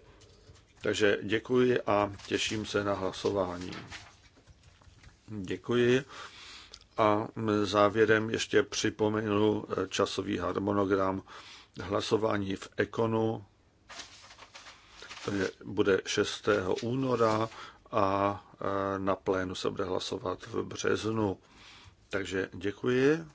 S2: Takže děkuji a těším se na hlasování. Děkuji. A závěrem ještě připomenu časový harmonogram hlasování v Ekonu je, bude 6. února a e, na plénu se bude hlasovat v březnu. Takže děkuji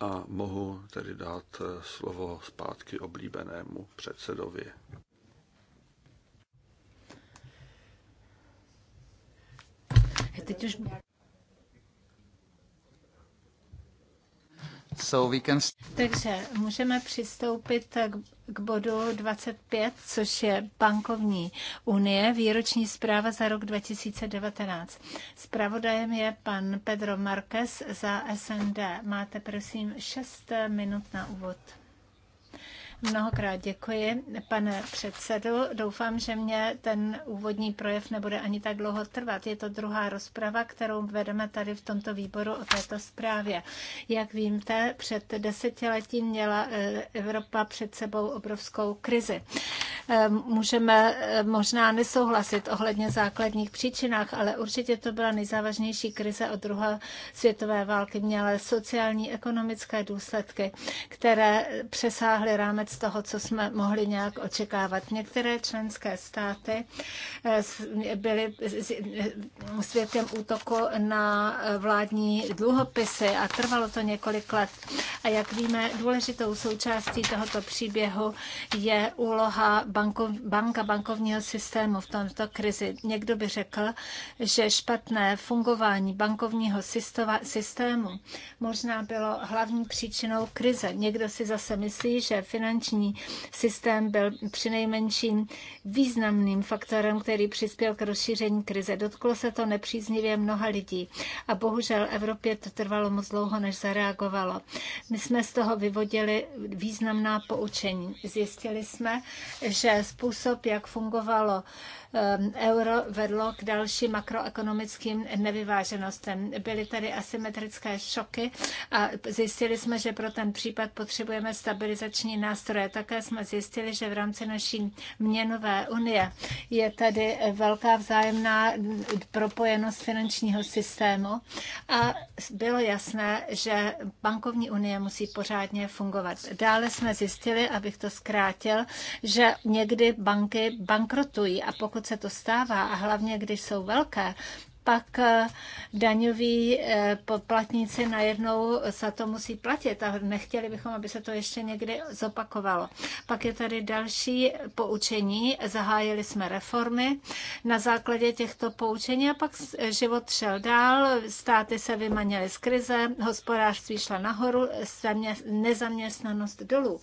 S2: a mohu tedy dát e, slovo zpátky oblíbenému předsedovi.
S3: Teď už... So we can... Takže můžeme přistoupit k k bodu 25, což je bankovní unie, výroční zpráva za rok 2019. Spravodajem je pan Pedro Marquez za SND. Máte prosím 6 minut na úvod. Mnohokrát děkuji, pane předsedu. Doufám, že mě ten úvodní projev nebude ani tak dlouho trvat. Je to druhá rozprava, kterou vedeme tady v tomto výboru o této zprávě. Jak víte, před desetiletí měla eh, Evropa před sebou obrovskou krizi. Ehm, můžeme eh, možná nesouhlasit ohledně základních příčinách, ale určitě to byla nejzávažnější krize od druhé světové války. Měla sociální, ekonomické důsledky, které přesáhly rámec z toho, co jsme mohli nějak očekávat. Některé členské státy eh, byly svědkem útoku na eh, vládní dluhopisy a trvalo to několik let. A jak víme, důležitou součástí tohoto příběhu je úloha bankov, banka bankovního systému v tomto krizi. Někdo by řekl, že špatné fungování bankovního systému možná bylo hlavní příčinou krize. Někdo si zase myslí, že finanční finanční systém byl přinejmenším významným faktorem, který přispěl k rozšíření krize. Dotklo se to nepříznivě mnoha lidí a bohužel Evropě to trvalo moc dlouho, než zareagovalo. My jsme z toho vyvodili významná poučení. Zjistili jsme, že způsob, jak fungovalo Ehm, euro vedlo k dalším makroekonomickým nevyváženostem. Byly tady asymetrické šoky a zjistili jsme, že pro ten případ potřebujeme stabilizační nástroje. Také jsme zjistili, že v rámci naší měnové unie je tady velká vzájemná propojenost finančního systému a bylo jasné, že bankovní unie musí pořádně fungovat. Dále jsme zjistili, abych to zkrátil, že někdy banky bankrotují a pokud pokud se to stává a hlavně, když jsou velké, pak eh, daňoví eh, poplatníci najednou za to musí platit a nechtěli bychom, aby se to ještě někdy zopakovalo. Pak je tady další poučení. Zahájili jsme reformy na základě těchto poučení a pak život šel dál, státy se vymaněly z krize, hospodářství šla nahoru, nezaměstnanost dolů.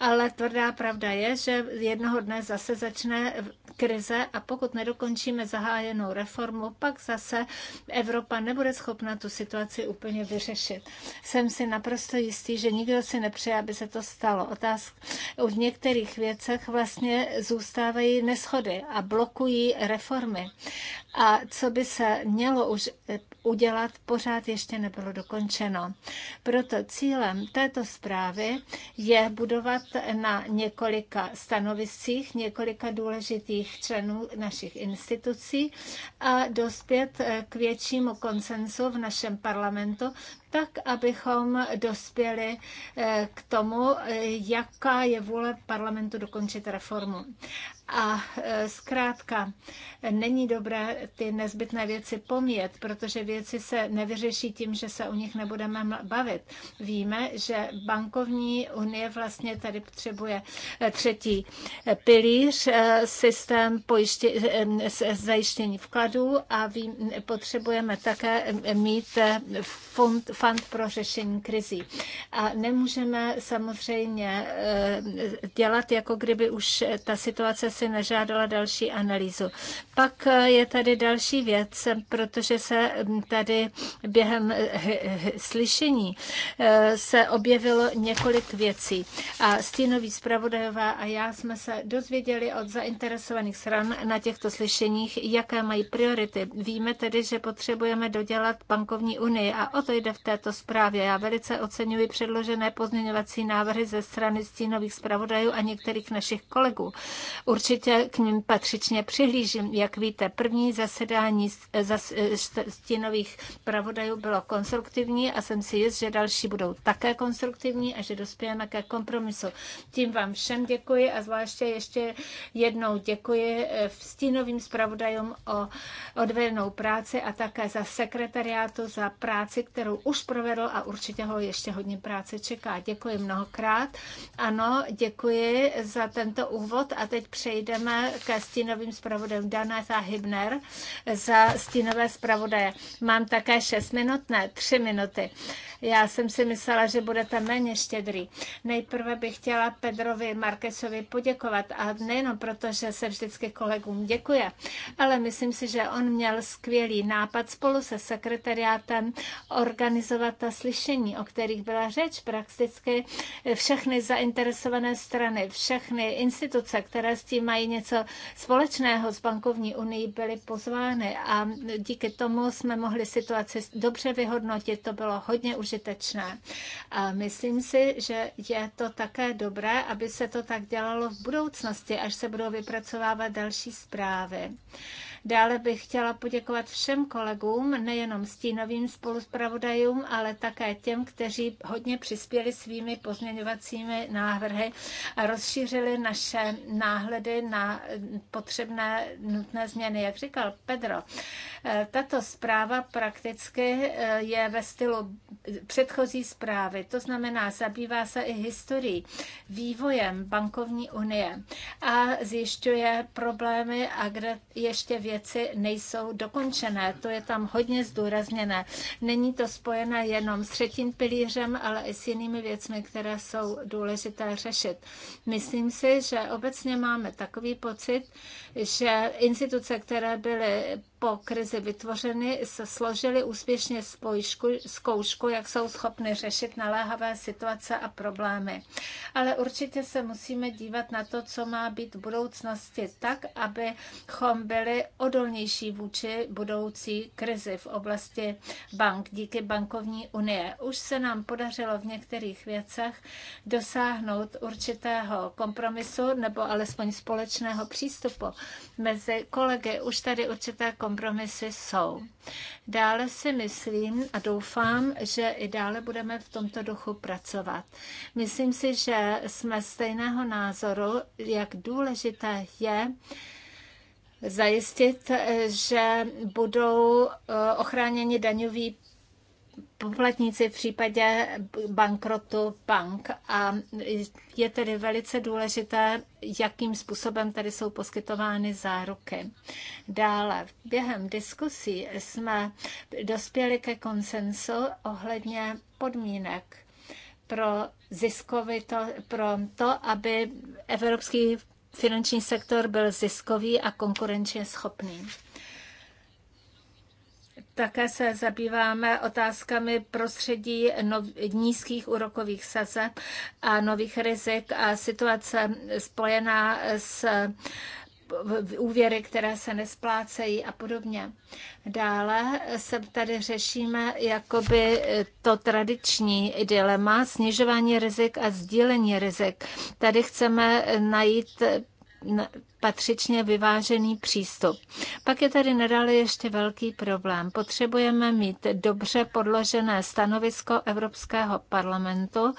S3: Ale tvrdá pravda je, že jednoho dne zase začne krize a pokud nedokončíme zahájenou reformu, pak za zase Evropa nebude schopna tu situaci úplně vyřešit. Jsem si naprosto jistý, že nikdo si nepřeje, aby se to stalo. Otázka v některých věcech vlastně zůstávají neschody a blokují reformy a co by se mělo už eh, udělat, pořád ještě nebylo dokončeno. Proto cílem této zprávy je budovat na několika stanoviscích, několika důležitých členů našich institucí a dospět eh, k většímu konsensu v našem parlamentu, tak abychom dospěli eh, k tomu, eh, jaká je vůle parlamentu dokončit reformu. A eh, zkrátka, není dobré ty nezbytné věci pomět, protože věci se nevyřeší tím, že se o nich nebudeme bavit. Víme, že bankovní unie vlastně tady potřebuje třetí pilíř, systém zajištění vkladů a potřebujeme také mít fond, fond pro řešení krizí. A nemůžeme samozřejmě eh, dělat, jako kdyby už ta situace si nežádala další analýzu. Pak eh, je tady další věc, protože se hm, tady během eh, slyšení se objevilo několik věcí. A stínový zpravodajová a já jsme se dozvěděli od zainteresovaných stran na těchto slyšeních, jaké mají priority. Víme tedy, že potřebujeme dodělat bankovní unii a o to jde v té této zprávě. Já velice oceňuji předložené pozměňovací návrhy ze strany stínových zpravodajů a některých našich kolegů. Určitě k ním patřičně přihlížím. Jak víte, první zasedání stínových zpravodajů bylo konstruktivní a jsem si jist, že další budou také konstruktivní a že dospějeme ke kompromisu. Tím vám všem děkuji a zvláště ještě jednou děkuji eh, stínovým zpravodajům o odvedenou práci a také za sekretariátu za práci, kterou už už provedl a určitě ho ještě hodně práce čeká. Děkuji mnohokrát. Ano, děkuji za tento úvod a teď přejdeme ke stínovým zpravodajům Daneta Hibner za stínové zpravodaje. Mám také 6 minut, ne, 3 minuty. Já jsem si myslela, že budete méně štědrý. Nejprve bych chtěla Pedrovi Markesovi poděkovat a nejenom proto, že se vždycky kolegům děkuje, ale myslím si, že on měl skvělý nápad spolu se sekretariátem organizovat organizovat ta slyšení, o kterých byla řeč, prakticky všechny zainteresované strany, všechny instituce, které s tím mají něco společného s bankovní unii, byly pozvány a díky tomu jsme mohli situaci dobře vyhodnotit, to bylo hodně užitečné. A myslím si, že je to také dobré, aby se to tak dělalo v budoucnosti, až se budou vypracovávat další zprávy. Dále bych chtěla poděkovat všem kolegům, nejenom stínovým spoluzpravodajům, ale také těm, kteří hodně přispěli svými pozměňovacími návrhy a rozšířili naše náhledy na potřebné nutné změny. Jak říkal Pedro, tato zpráva prakticky eh, je ve stylu předchozí zprávy, to znamená, zabývá se i historií, vývojem bankovní unie a zjišťuje problémy a kde ještě věří věci nejsou dokončené. To je tam hodně zdůrazněné. Není to spojené jenom s třetím pilířem, ale i s jinými věcmi, které jsou důležité řešit. Myslím si, že obecně máme takový pocit, že instituce, které byly po krizi vytvořeny, se složily úspěšně spojšku, zkoušku, jak jsou schopny řešit naléhavé situace a problémy. Ale určitě se musíme dívat na to, co má být v budoucnosti tak, abychom byli odolnější vůči budoucí krizi v oblasti bank díky bankovní unie. Už se nám podařilo v některých věcech dosáhnout určitého kompromisu nebo alespoň společného přístupu mezi kolegy. Už tady určité kompromisy jsou. Dále si myslím a doufám, že i dále budeme v tomto duchu pracovat. Myslím si, že jsme stejného názoru, jak důležité je, zajistit, že budou eh, ochráněni daňoví poplatníci v případě bankrotu bank a je tedy velice důležité, jakým způsobem tady jsou poskytovány záruky. Dále během diskusí jsme dospěli ke konsensu ohledně podmínek pro to, pro to, aby evropský finanční sektor byl ziskový a konkurenčně schopný. Také se zabýváme otázkami prostředí nov, nízkých úrokových sazeb a nových rizik a situace spojená s úvěry, které se nesplácejí a podobně. Dále se tady řešíme jakoby to tradiční dilema snižování rizik a sdílení rizik. Tady chceme najít patřičně vyvážený přístup. Pak je tady nadále ještě velký problém. Potřebujeme mít dobře podložené stanovisko Evropského parlamentu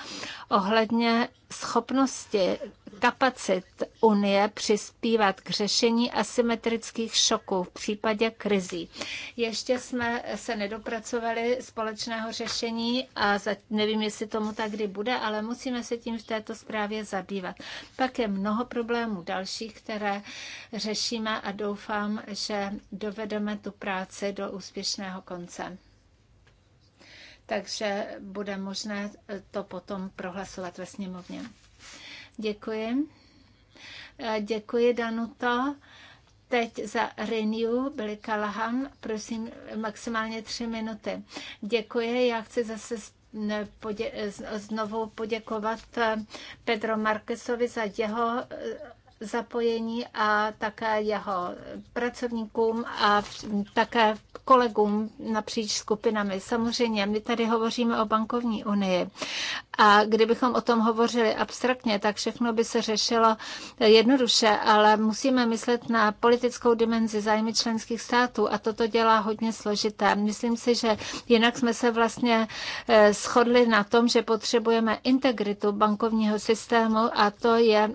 S3: ohledně schopnosti kapacit Unie přispívat k řešení asymetrických šoků v případě krizí. Ještě jsme se nedopracovali společného řešení a nevím, jestli tomu tak kdy bude, ale musíme se tím v této zprávě zabývat. Pak je mnoho problémů dalších, které řešíme a doufám, že dovedeme tu práci do úspěšného konce. Takže bude možné to potom prohlasovat ve sněmovně. Děkuji. E, děkuji, Danuto. Teď za Renew byli Kalahan, prosím, maximálně tři minuty. Děkuji, já chci zase podě- znovu poděkovat e, Pedro Marquesovi za jeho e, zapojení a také jeho pracovníkům a také kolegům napříč skupinami. Samozřejmě, my tady hovoříme o bankovní unii a kdybychom o tom hovořili abstraktně, tak všechno by se řešilo jednoduše, ale musíme myslet na politickou dimenzi zájmy členských států a toto dělá hodně složité. Myslím si, že jinak jsme se vlastně eh, shodli na tom, že potřebujeme integritu bankovního systému a to je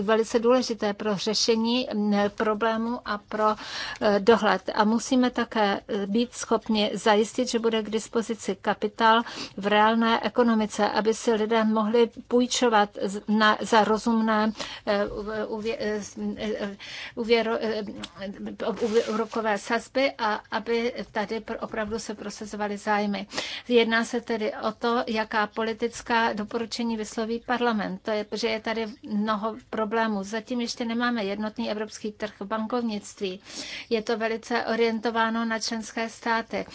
S3: v velice důležité pro řešení problému a pro e, dohled. A musíme také e, být schopni zajistit, že bude k dispozici kapitál v reálné ekonomice, aby si lidé mohli půjčovat na, za rozumné úrokové sazby a aby tady opravdu se prosazovaly zájmy. Jedná se tedy o to, jaká politická doporučení vysloví parlament. To je, že je tady mnoho problémů problémů. Zatím ještě nemáme jednotný evropský trh v bankovnictví. Je to velice orientováno na členské státy.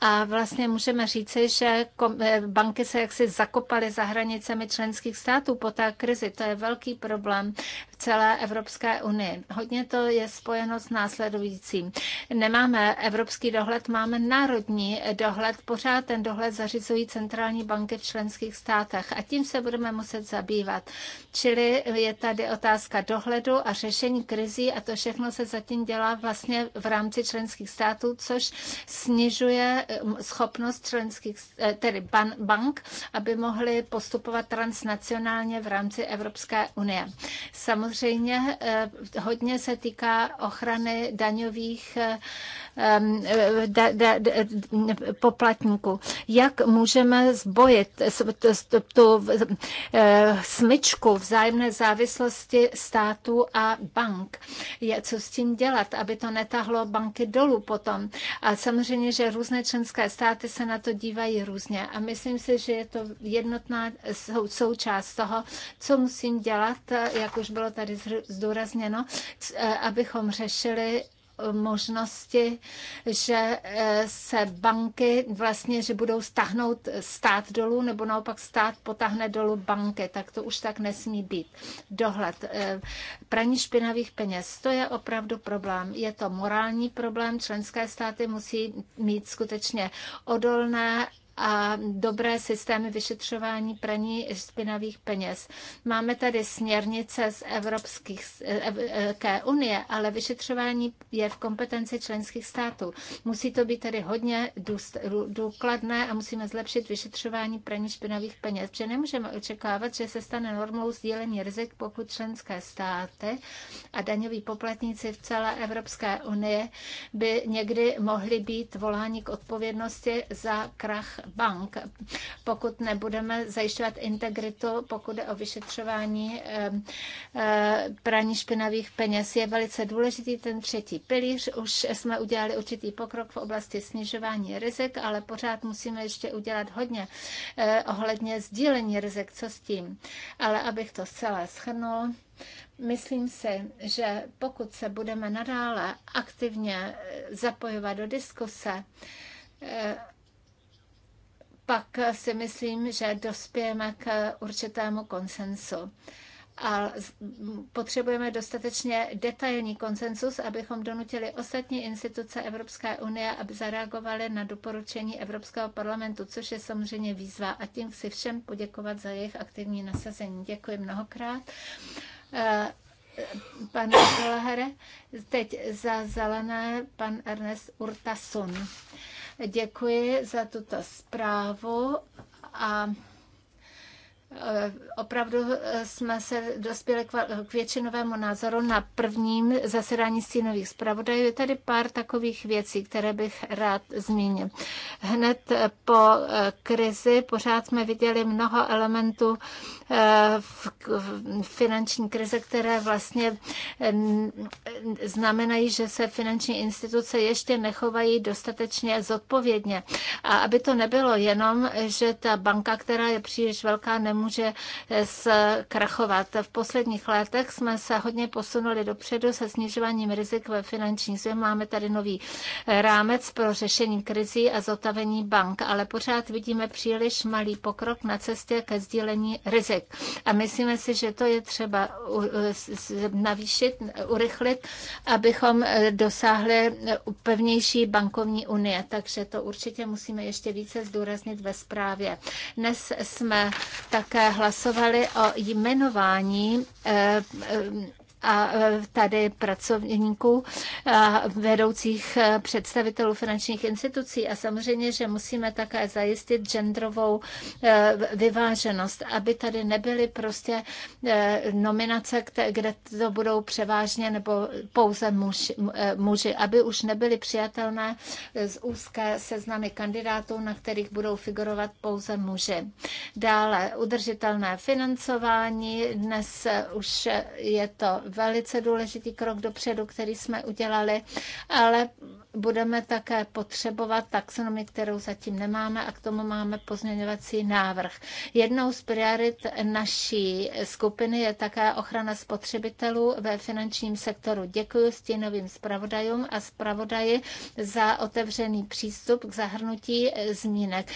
S3: A vlastně můžeme říci, že eh, banky se jaksi zakopaly za hranicemi členských států po té krizi. To je velký problém celé Evropské unii. Hodně to je spojeno s následujícím. Nemáme evropský dohled, máme národní dohled. Pořád ten dohled zařizují centrální banky v členských státech a tím se budeme muset zabývat. Čili je tady otázka dohledu a řešení krizí a to všechno se zatím dělá vlastně v rámci členských států, což snižuje um, schopnost členských, eh, tedy ban, bank, aby mohly postupovat transnacionálně v rámci Evropské unie. Samozřejmě samozřejmě eh, hodně se týká ochrany daňových eh, Um, poplatníků. Jak můžeme zbojit tu eh, smyčku vzájemné závislosti států a bank? Co s tím dělat, aby to netahlo banky dolů potom? A samozřejmě, že různé členské státy se na to dívají různě a myslím si, že je to jednotná součást toho, co musím dělat, eh, jak už bylo tady zdůrazněno, eh, abychom řešili možnosti, že eh, se banky vlastně, že budou stáhnout stát dolů, nebo naopak stát potáhne dolů banky, tak to už tak nesmí být. Dohled. Eh, praní špinavých peněz, to je opravdu problém. Je to morální problém, členské státy musí mít skutečně odolné a dobré systémy vyšetřování praní špinavých peněz. Máme tady směrnice z Evropských, e, e, Evropské unie, ale vyšetřování je v kompetenci členských států. Musí to být tedy hodně důkladné a musíme zlepšit vyšetřování praní špinavých peněz, protože nemůžeme očekávat, že se stane normou sdílení rizik, pokud členské státy a daňoví poplatníci v celé Evropské unie by někdy mohli být voláni k odpovědnosti za krach bank, pokud nebudeme zajišťovat integritu, pokud je o vyšetřování eh, eh, praní špinavých peněz. Je velice důležitý ten třetí pilíř. Už jsme udělali určitý pokrok v oblasti snižování rizik, ale pořád musíme ještě udělat hodně eh, ohledně sdílení rizik, co s tím. Ale abych to celé schrnul, Myslím si, že pokud se budeme nadále aktivně zapojovat do diskuse, pak si myslím, že dospějeme k určitému konsensu a potřebujeme dostatečně detailní konsensus, abychom donutili ostatní instituce Evropské unie, aby zareagovaly na doporučení Evropského parlamentu, což je samozřejmě výzva. A tím chci všem poděkovat za jejich aktivní nasazení. Děkuji mnohokrát. Eh, pan Lahere, teď za zelené pan Ernest Urtasun. Děkuji za tuto zprávu a Eh, opravdu eh, jsme se dospěli k většinovému názoru na prvním zasedání stínových zpravodajů. Je tady pár takových věcí, které bych rád zmínil. Hned eh, po krizi pořád jsme viděli mnoho elementů v finanční krize, které vlastně znamenají, že se finanční instituce ještě nechovají dostatečně zodpovědně. A aby to nebylo jenom, že ta banka, která je příliš velká, nemůže může zkrachovat. Eh, v posledních letech jsme se hodně posunuli dopředu se snižováním rizik ve finanční zvě. Máme tady nový eh, rámec pro řešení krizí a zotavení bank, ale pořád vidíme příliš malý pokrok na cestě ke sdílení rizik. A myslíme si, že to je třeba eh, navýšit, urychlit, abychom dosáhli pevnější bankovní unie. Takže to určitě musíme ještě více zdůraznit ve zprávě. Dnes jsme tak také hlasovali o jmenování eh, eh, a e, tady pracovníků, a e, vedoucích e, představitelů finančních institucí a samozřejmě, že musíme také zajistit genderovou vyváženost, aby tady nebyly prostě nominace, kde to budou převážně nebo pouze muži, muži aby už nebyly přijatelné z úzké seznamy kandidátů, na kterých budou figurovat pouze muži. Dále udržitelné financování. Dnes už je to velice důležitý krok dopředu, který jsme udělali, ale budeme také potřebovat taxonomii, kterou zatím nemáme a k tomu máme pozměňovací návrh. Jednou z priorit naší skupiny je také ochrana spotřebitelů ve finančním sektoru. Děkuji stínovým zpravodajům a zpravodaji za otevřený přístup k zahrnutí zmínek.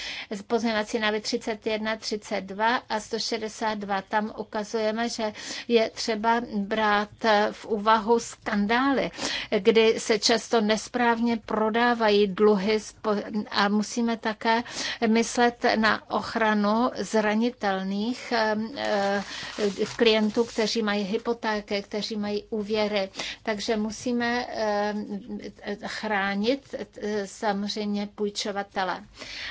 S3: Pozměňovací návrh 31, 32 a 162. Tam ukazujeme, že je třeba brát v úvahu skandály, kdy se často nesprávně vlastně prodávají dluhy a musíme také myslet na ochranu zranitelných eh, klientů, kteří mají hypotéky, kteří mají úvěry. Takže musíme chránit samozřejmě půjčovatele.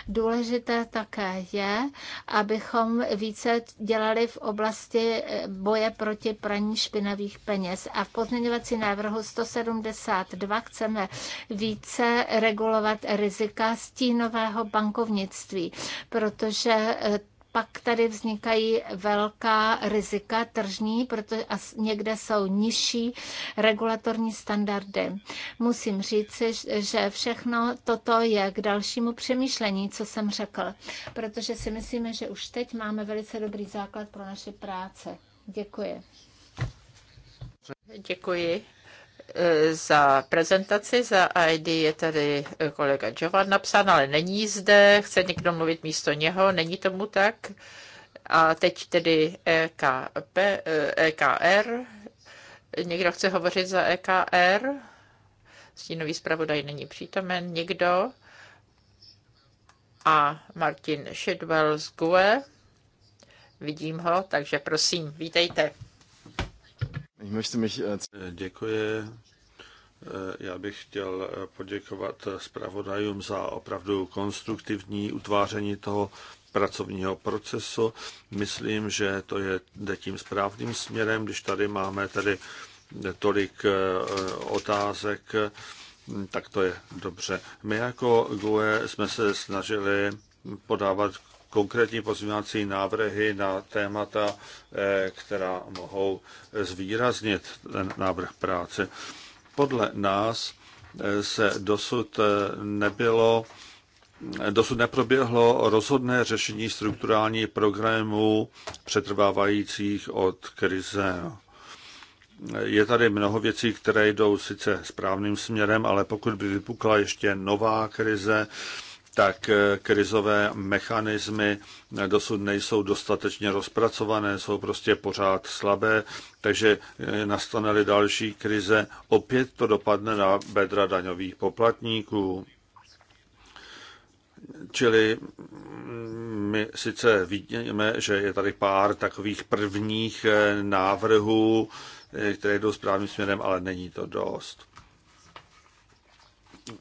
S3: Důležité také je, abychom více dělali v oblasti eh, boje proti praní špinavých peněz. A v pozměňovací návrhu 172 chceme více více regulovat rizika stínového bankovnictví, protože eh, pak tady vznikají velká rizika tržní, protože někde jsou nižší regulatorní standardy. Musím říct, že všechno toto je k dalšímu přemýšlení, co jsem řekl, protože si myslíme, že už teď máme velice dobrý základ pro naše práce. Děkuji.
S1: Děkuji Eh, za prezentaci. Za ID je tady eh, kolega Jovan napsán, ale není zde. Chce někdo mluvit místo něho? Není tomu tak. A teď tedy EKP, EKR. Eh, e někdo chce hovořit za EKR? Stínový zpravodaj není přítomen. Někdo? A Martin Shidwell z GUE. Vidím ho, takže prosím, vítejte.
S2: Äh, eh, děkuji. Eh, já bych chtěl eh, poděkovat zpravodajům za opravdu konstruktivní utváření toho pracovního procesu. Myslím, že to je, jde tím správným směrem, když tady máme tady tolik otázek, mm, tak to je dobře. My jako GUE jsme se snažili podávat konkrétní pozměňovací návrhy na témata, eh, která mohou zvýraznit ten návrh práce. Podle nás eh, se dosud eh, nebylo Dosud neproběhlo rozhodné řešení strukturální programů přetrvávajících od krize. Je tady mnoho věcí, které jdou sice správným směrem, ale pokud by vypukla ještě nová krize, tak eh, krizové mechanismy dosud nejsou dostatečně rozpracované, jsou prostě pořád slabé, takže eh, nastane další krize, opět to dopadne na bedra daňových poplatníků. Čili mm, my sice vidíme, že je tady pár takových prvních eh, návrhů, které jdou správným směrem, ale není to dost.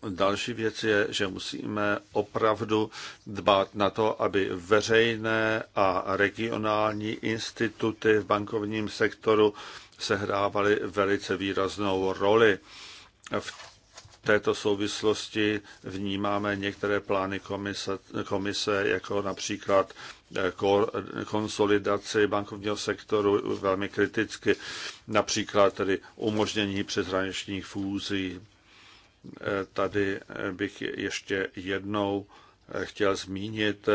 S2: Další věc je, že musíme opravdu dbát na to, aby veřejné a regionální instituty v bankovním sektoru sehrávaly velice výraznou roli. V této souvislosti vnímáme některé plány komise, komise jako například eh, konsolidaci bankovního sektoru velmi kriticky, například tedy umožnění přeshraničních fúzí tady bych ještě jednou chtěl zmínit eh,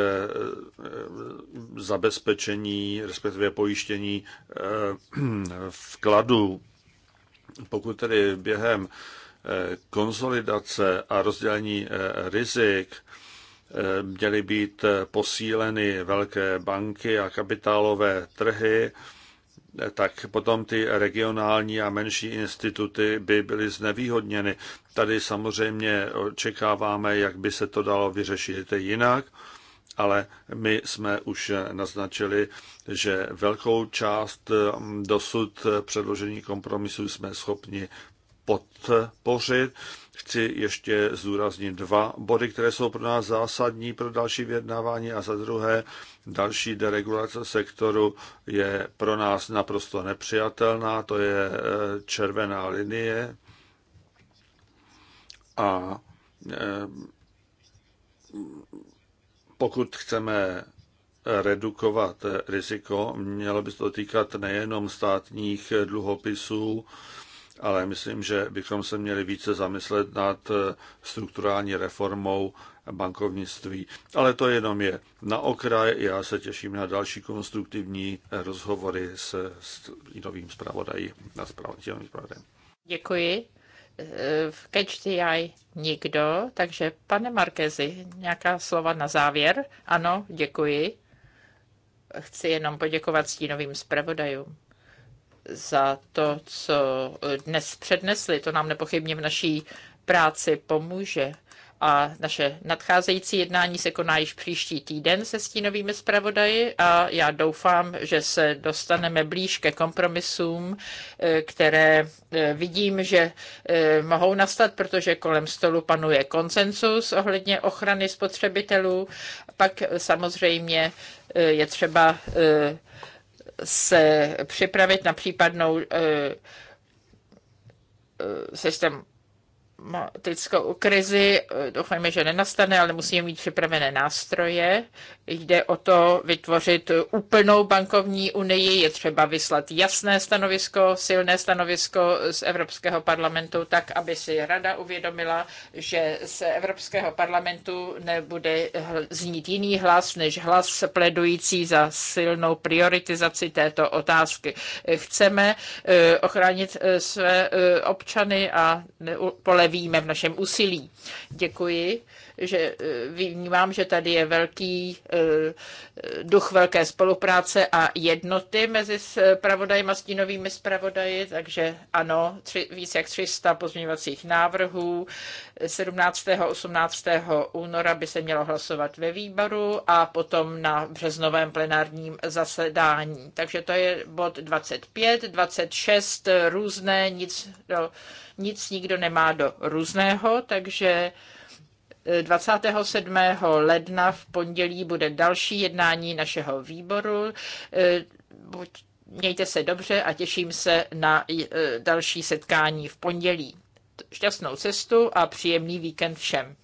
S2: zabezpečení, respektive pojištění eh, vkladu. Pokud tedy během eh, konsolidace a rozdělení rizik měly být posíleny velké banky a kapitálové trhy, tak potom ty regionální a menší instituty by byly znevýhodněny. Tady samozřejmě očekáváme, jak by se to dalo vyřešit jinak, ale my jsme už naznačili, že velkou část eh, dosud předložení kompromisů jsme schopni podpořit. Chci ještě zúraznit dva body, které jsou pro nás zásadní pro další vyjednávání a za druhé další deregulace sektoru je pro nás naprosto nepřijatelná, to je eh, červená linie a e, pokud chceme redukovat riziko, mělo by se to týkat nejenom státních dluhopisů, ale myslím, že bychom se měli více zamyslet nad strukturální reformou bankovnictví. Ale to jenom je na okraj. Já se těším na další konstruktivní rozhovory s, s novým zpravodají na zpravodajem.
S1: Děkuji v Catch nikdo, takže pane Markezi, nějaká slova na závěr? Ano, děkuji. Chci jenom poděkovat stínovým zpravodajům za to, co dnes přednesli. To nám nepochybně v naší práci pomůže. A naše nadcházející jednání se koná již příští týden se stínovými zpravodaji a já doufám, že se dostaneme blíž ke kompromisům, eh, které eh, vidím, že eh, mohou nastat, protože kolem stolu panuje konsensus ohledně ochrany spotřebitelů. Pak samozřejmě je třeba se připravit na případnou systém klimatickou krizi. Doufejme, že nenastane, ale musíme mít připravené nástroje. Jde o to vytvořit úplnou bankovní unii. Je třeba vyslat jasné stanovisko, silné stanovisko z Evropského parlamentu, tak, aby si rada uvědomila, že z Evropského parlamentu nebude znít jiný hlas, než hlas pledující za silnou prioritizaci této otázky. Chceme eh, ochránit eh, své eh, občany a polevit nevíme v našem úsilí. Děkuji, že eh, vnímám, že tady je velký eh, duch velké spolupráce a jednoty mezi spravodajem eh, a stínovými spravodaji, takže ano, tři, víc jak 300 pozměňovacích návrhů. 17. 18. února by se mělo hlasovat ve výboru a potom na březnovém plenárním zasedání. Takže to je bod 25, 26, různé, nic do no, nic nikdo nemá do různého, takže 27. E, ledna v pondělí bude další jednání našeho výboru. E, mějte se dobře a těším se na e, další setkání v pondělí. Šťastnou cestu a příjemný víkend všem.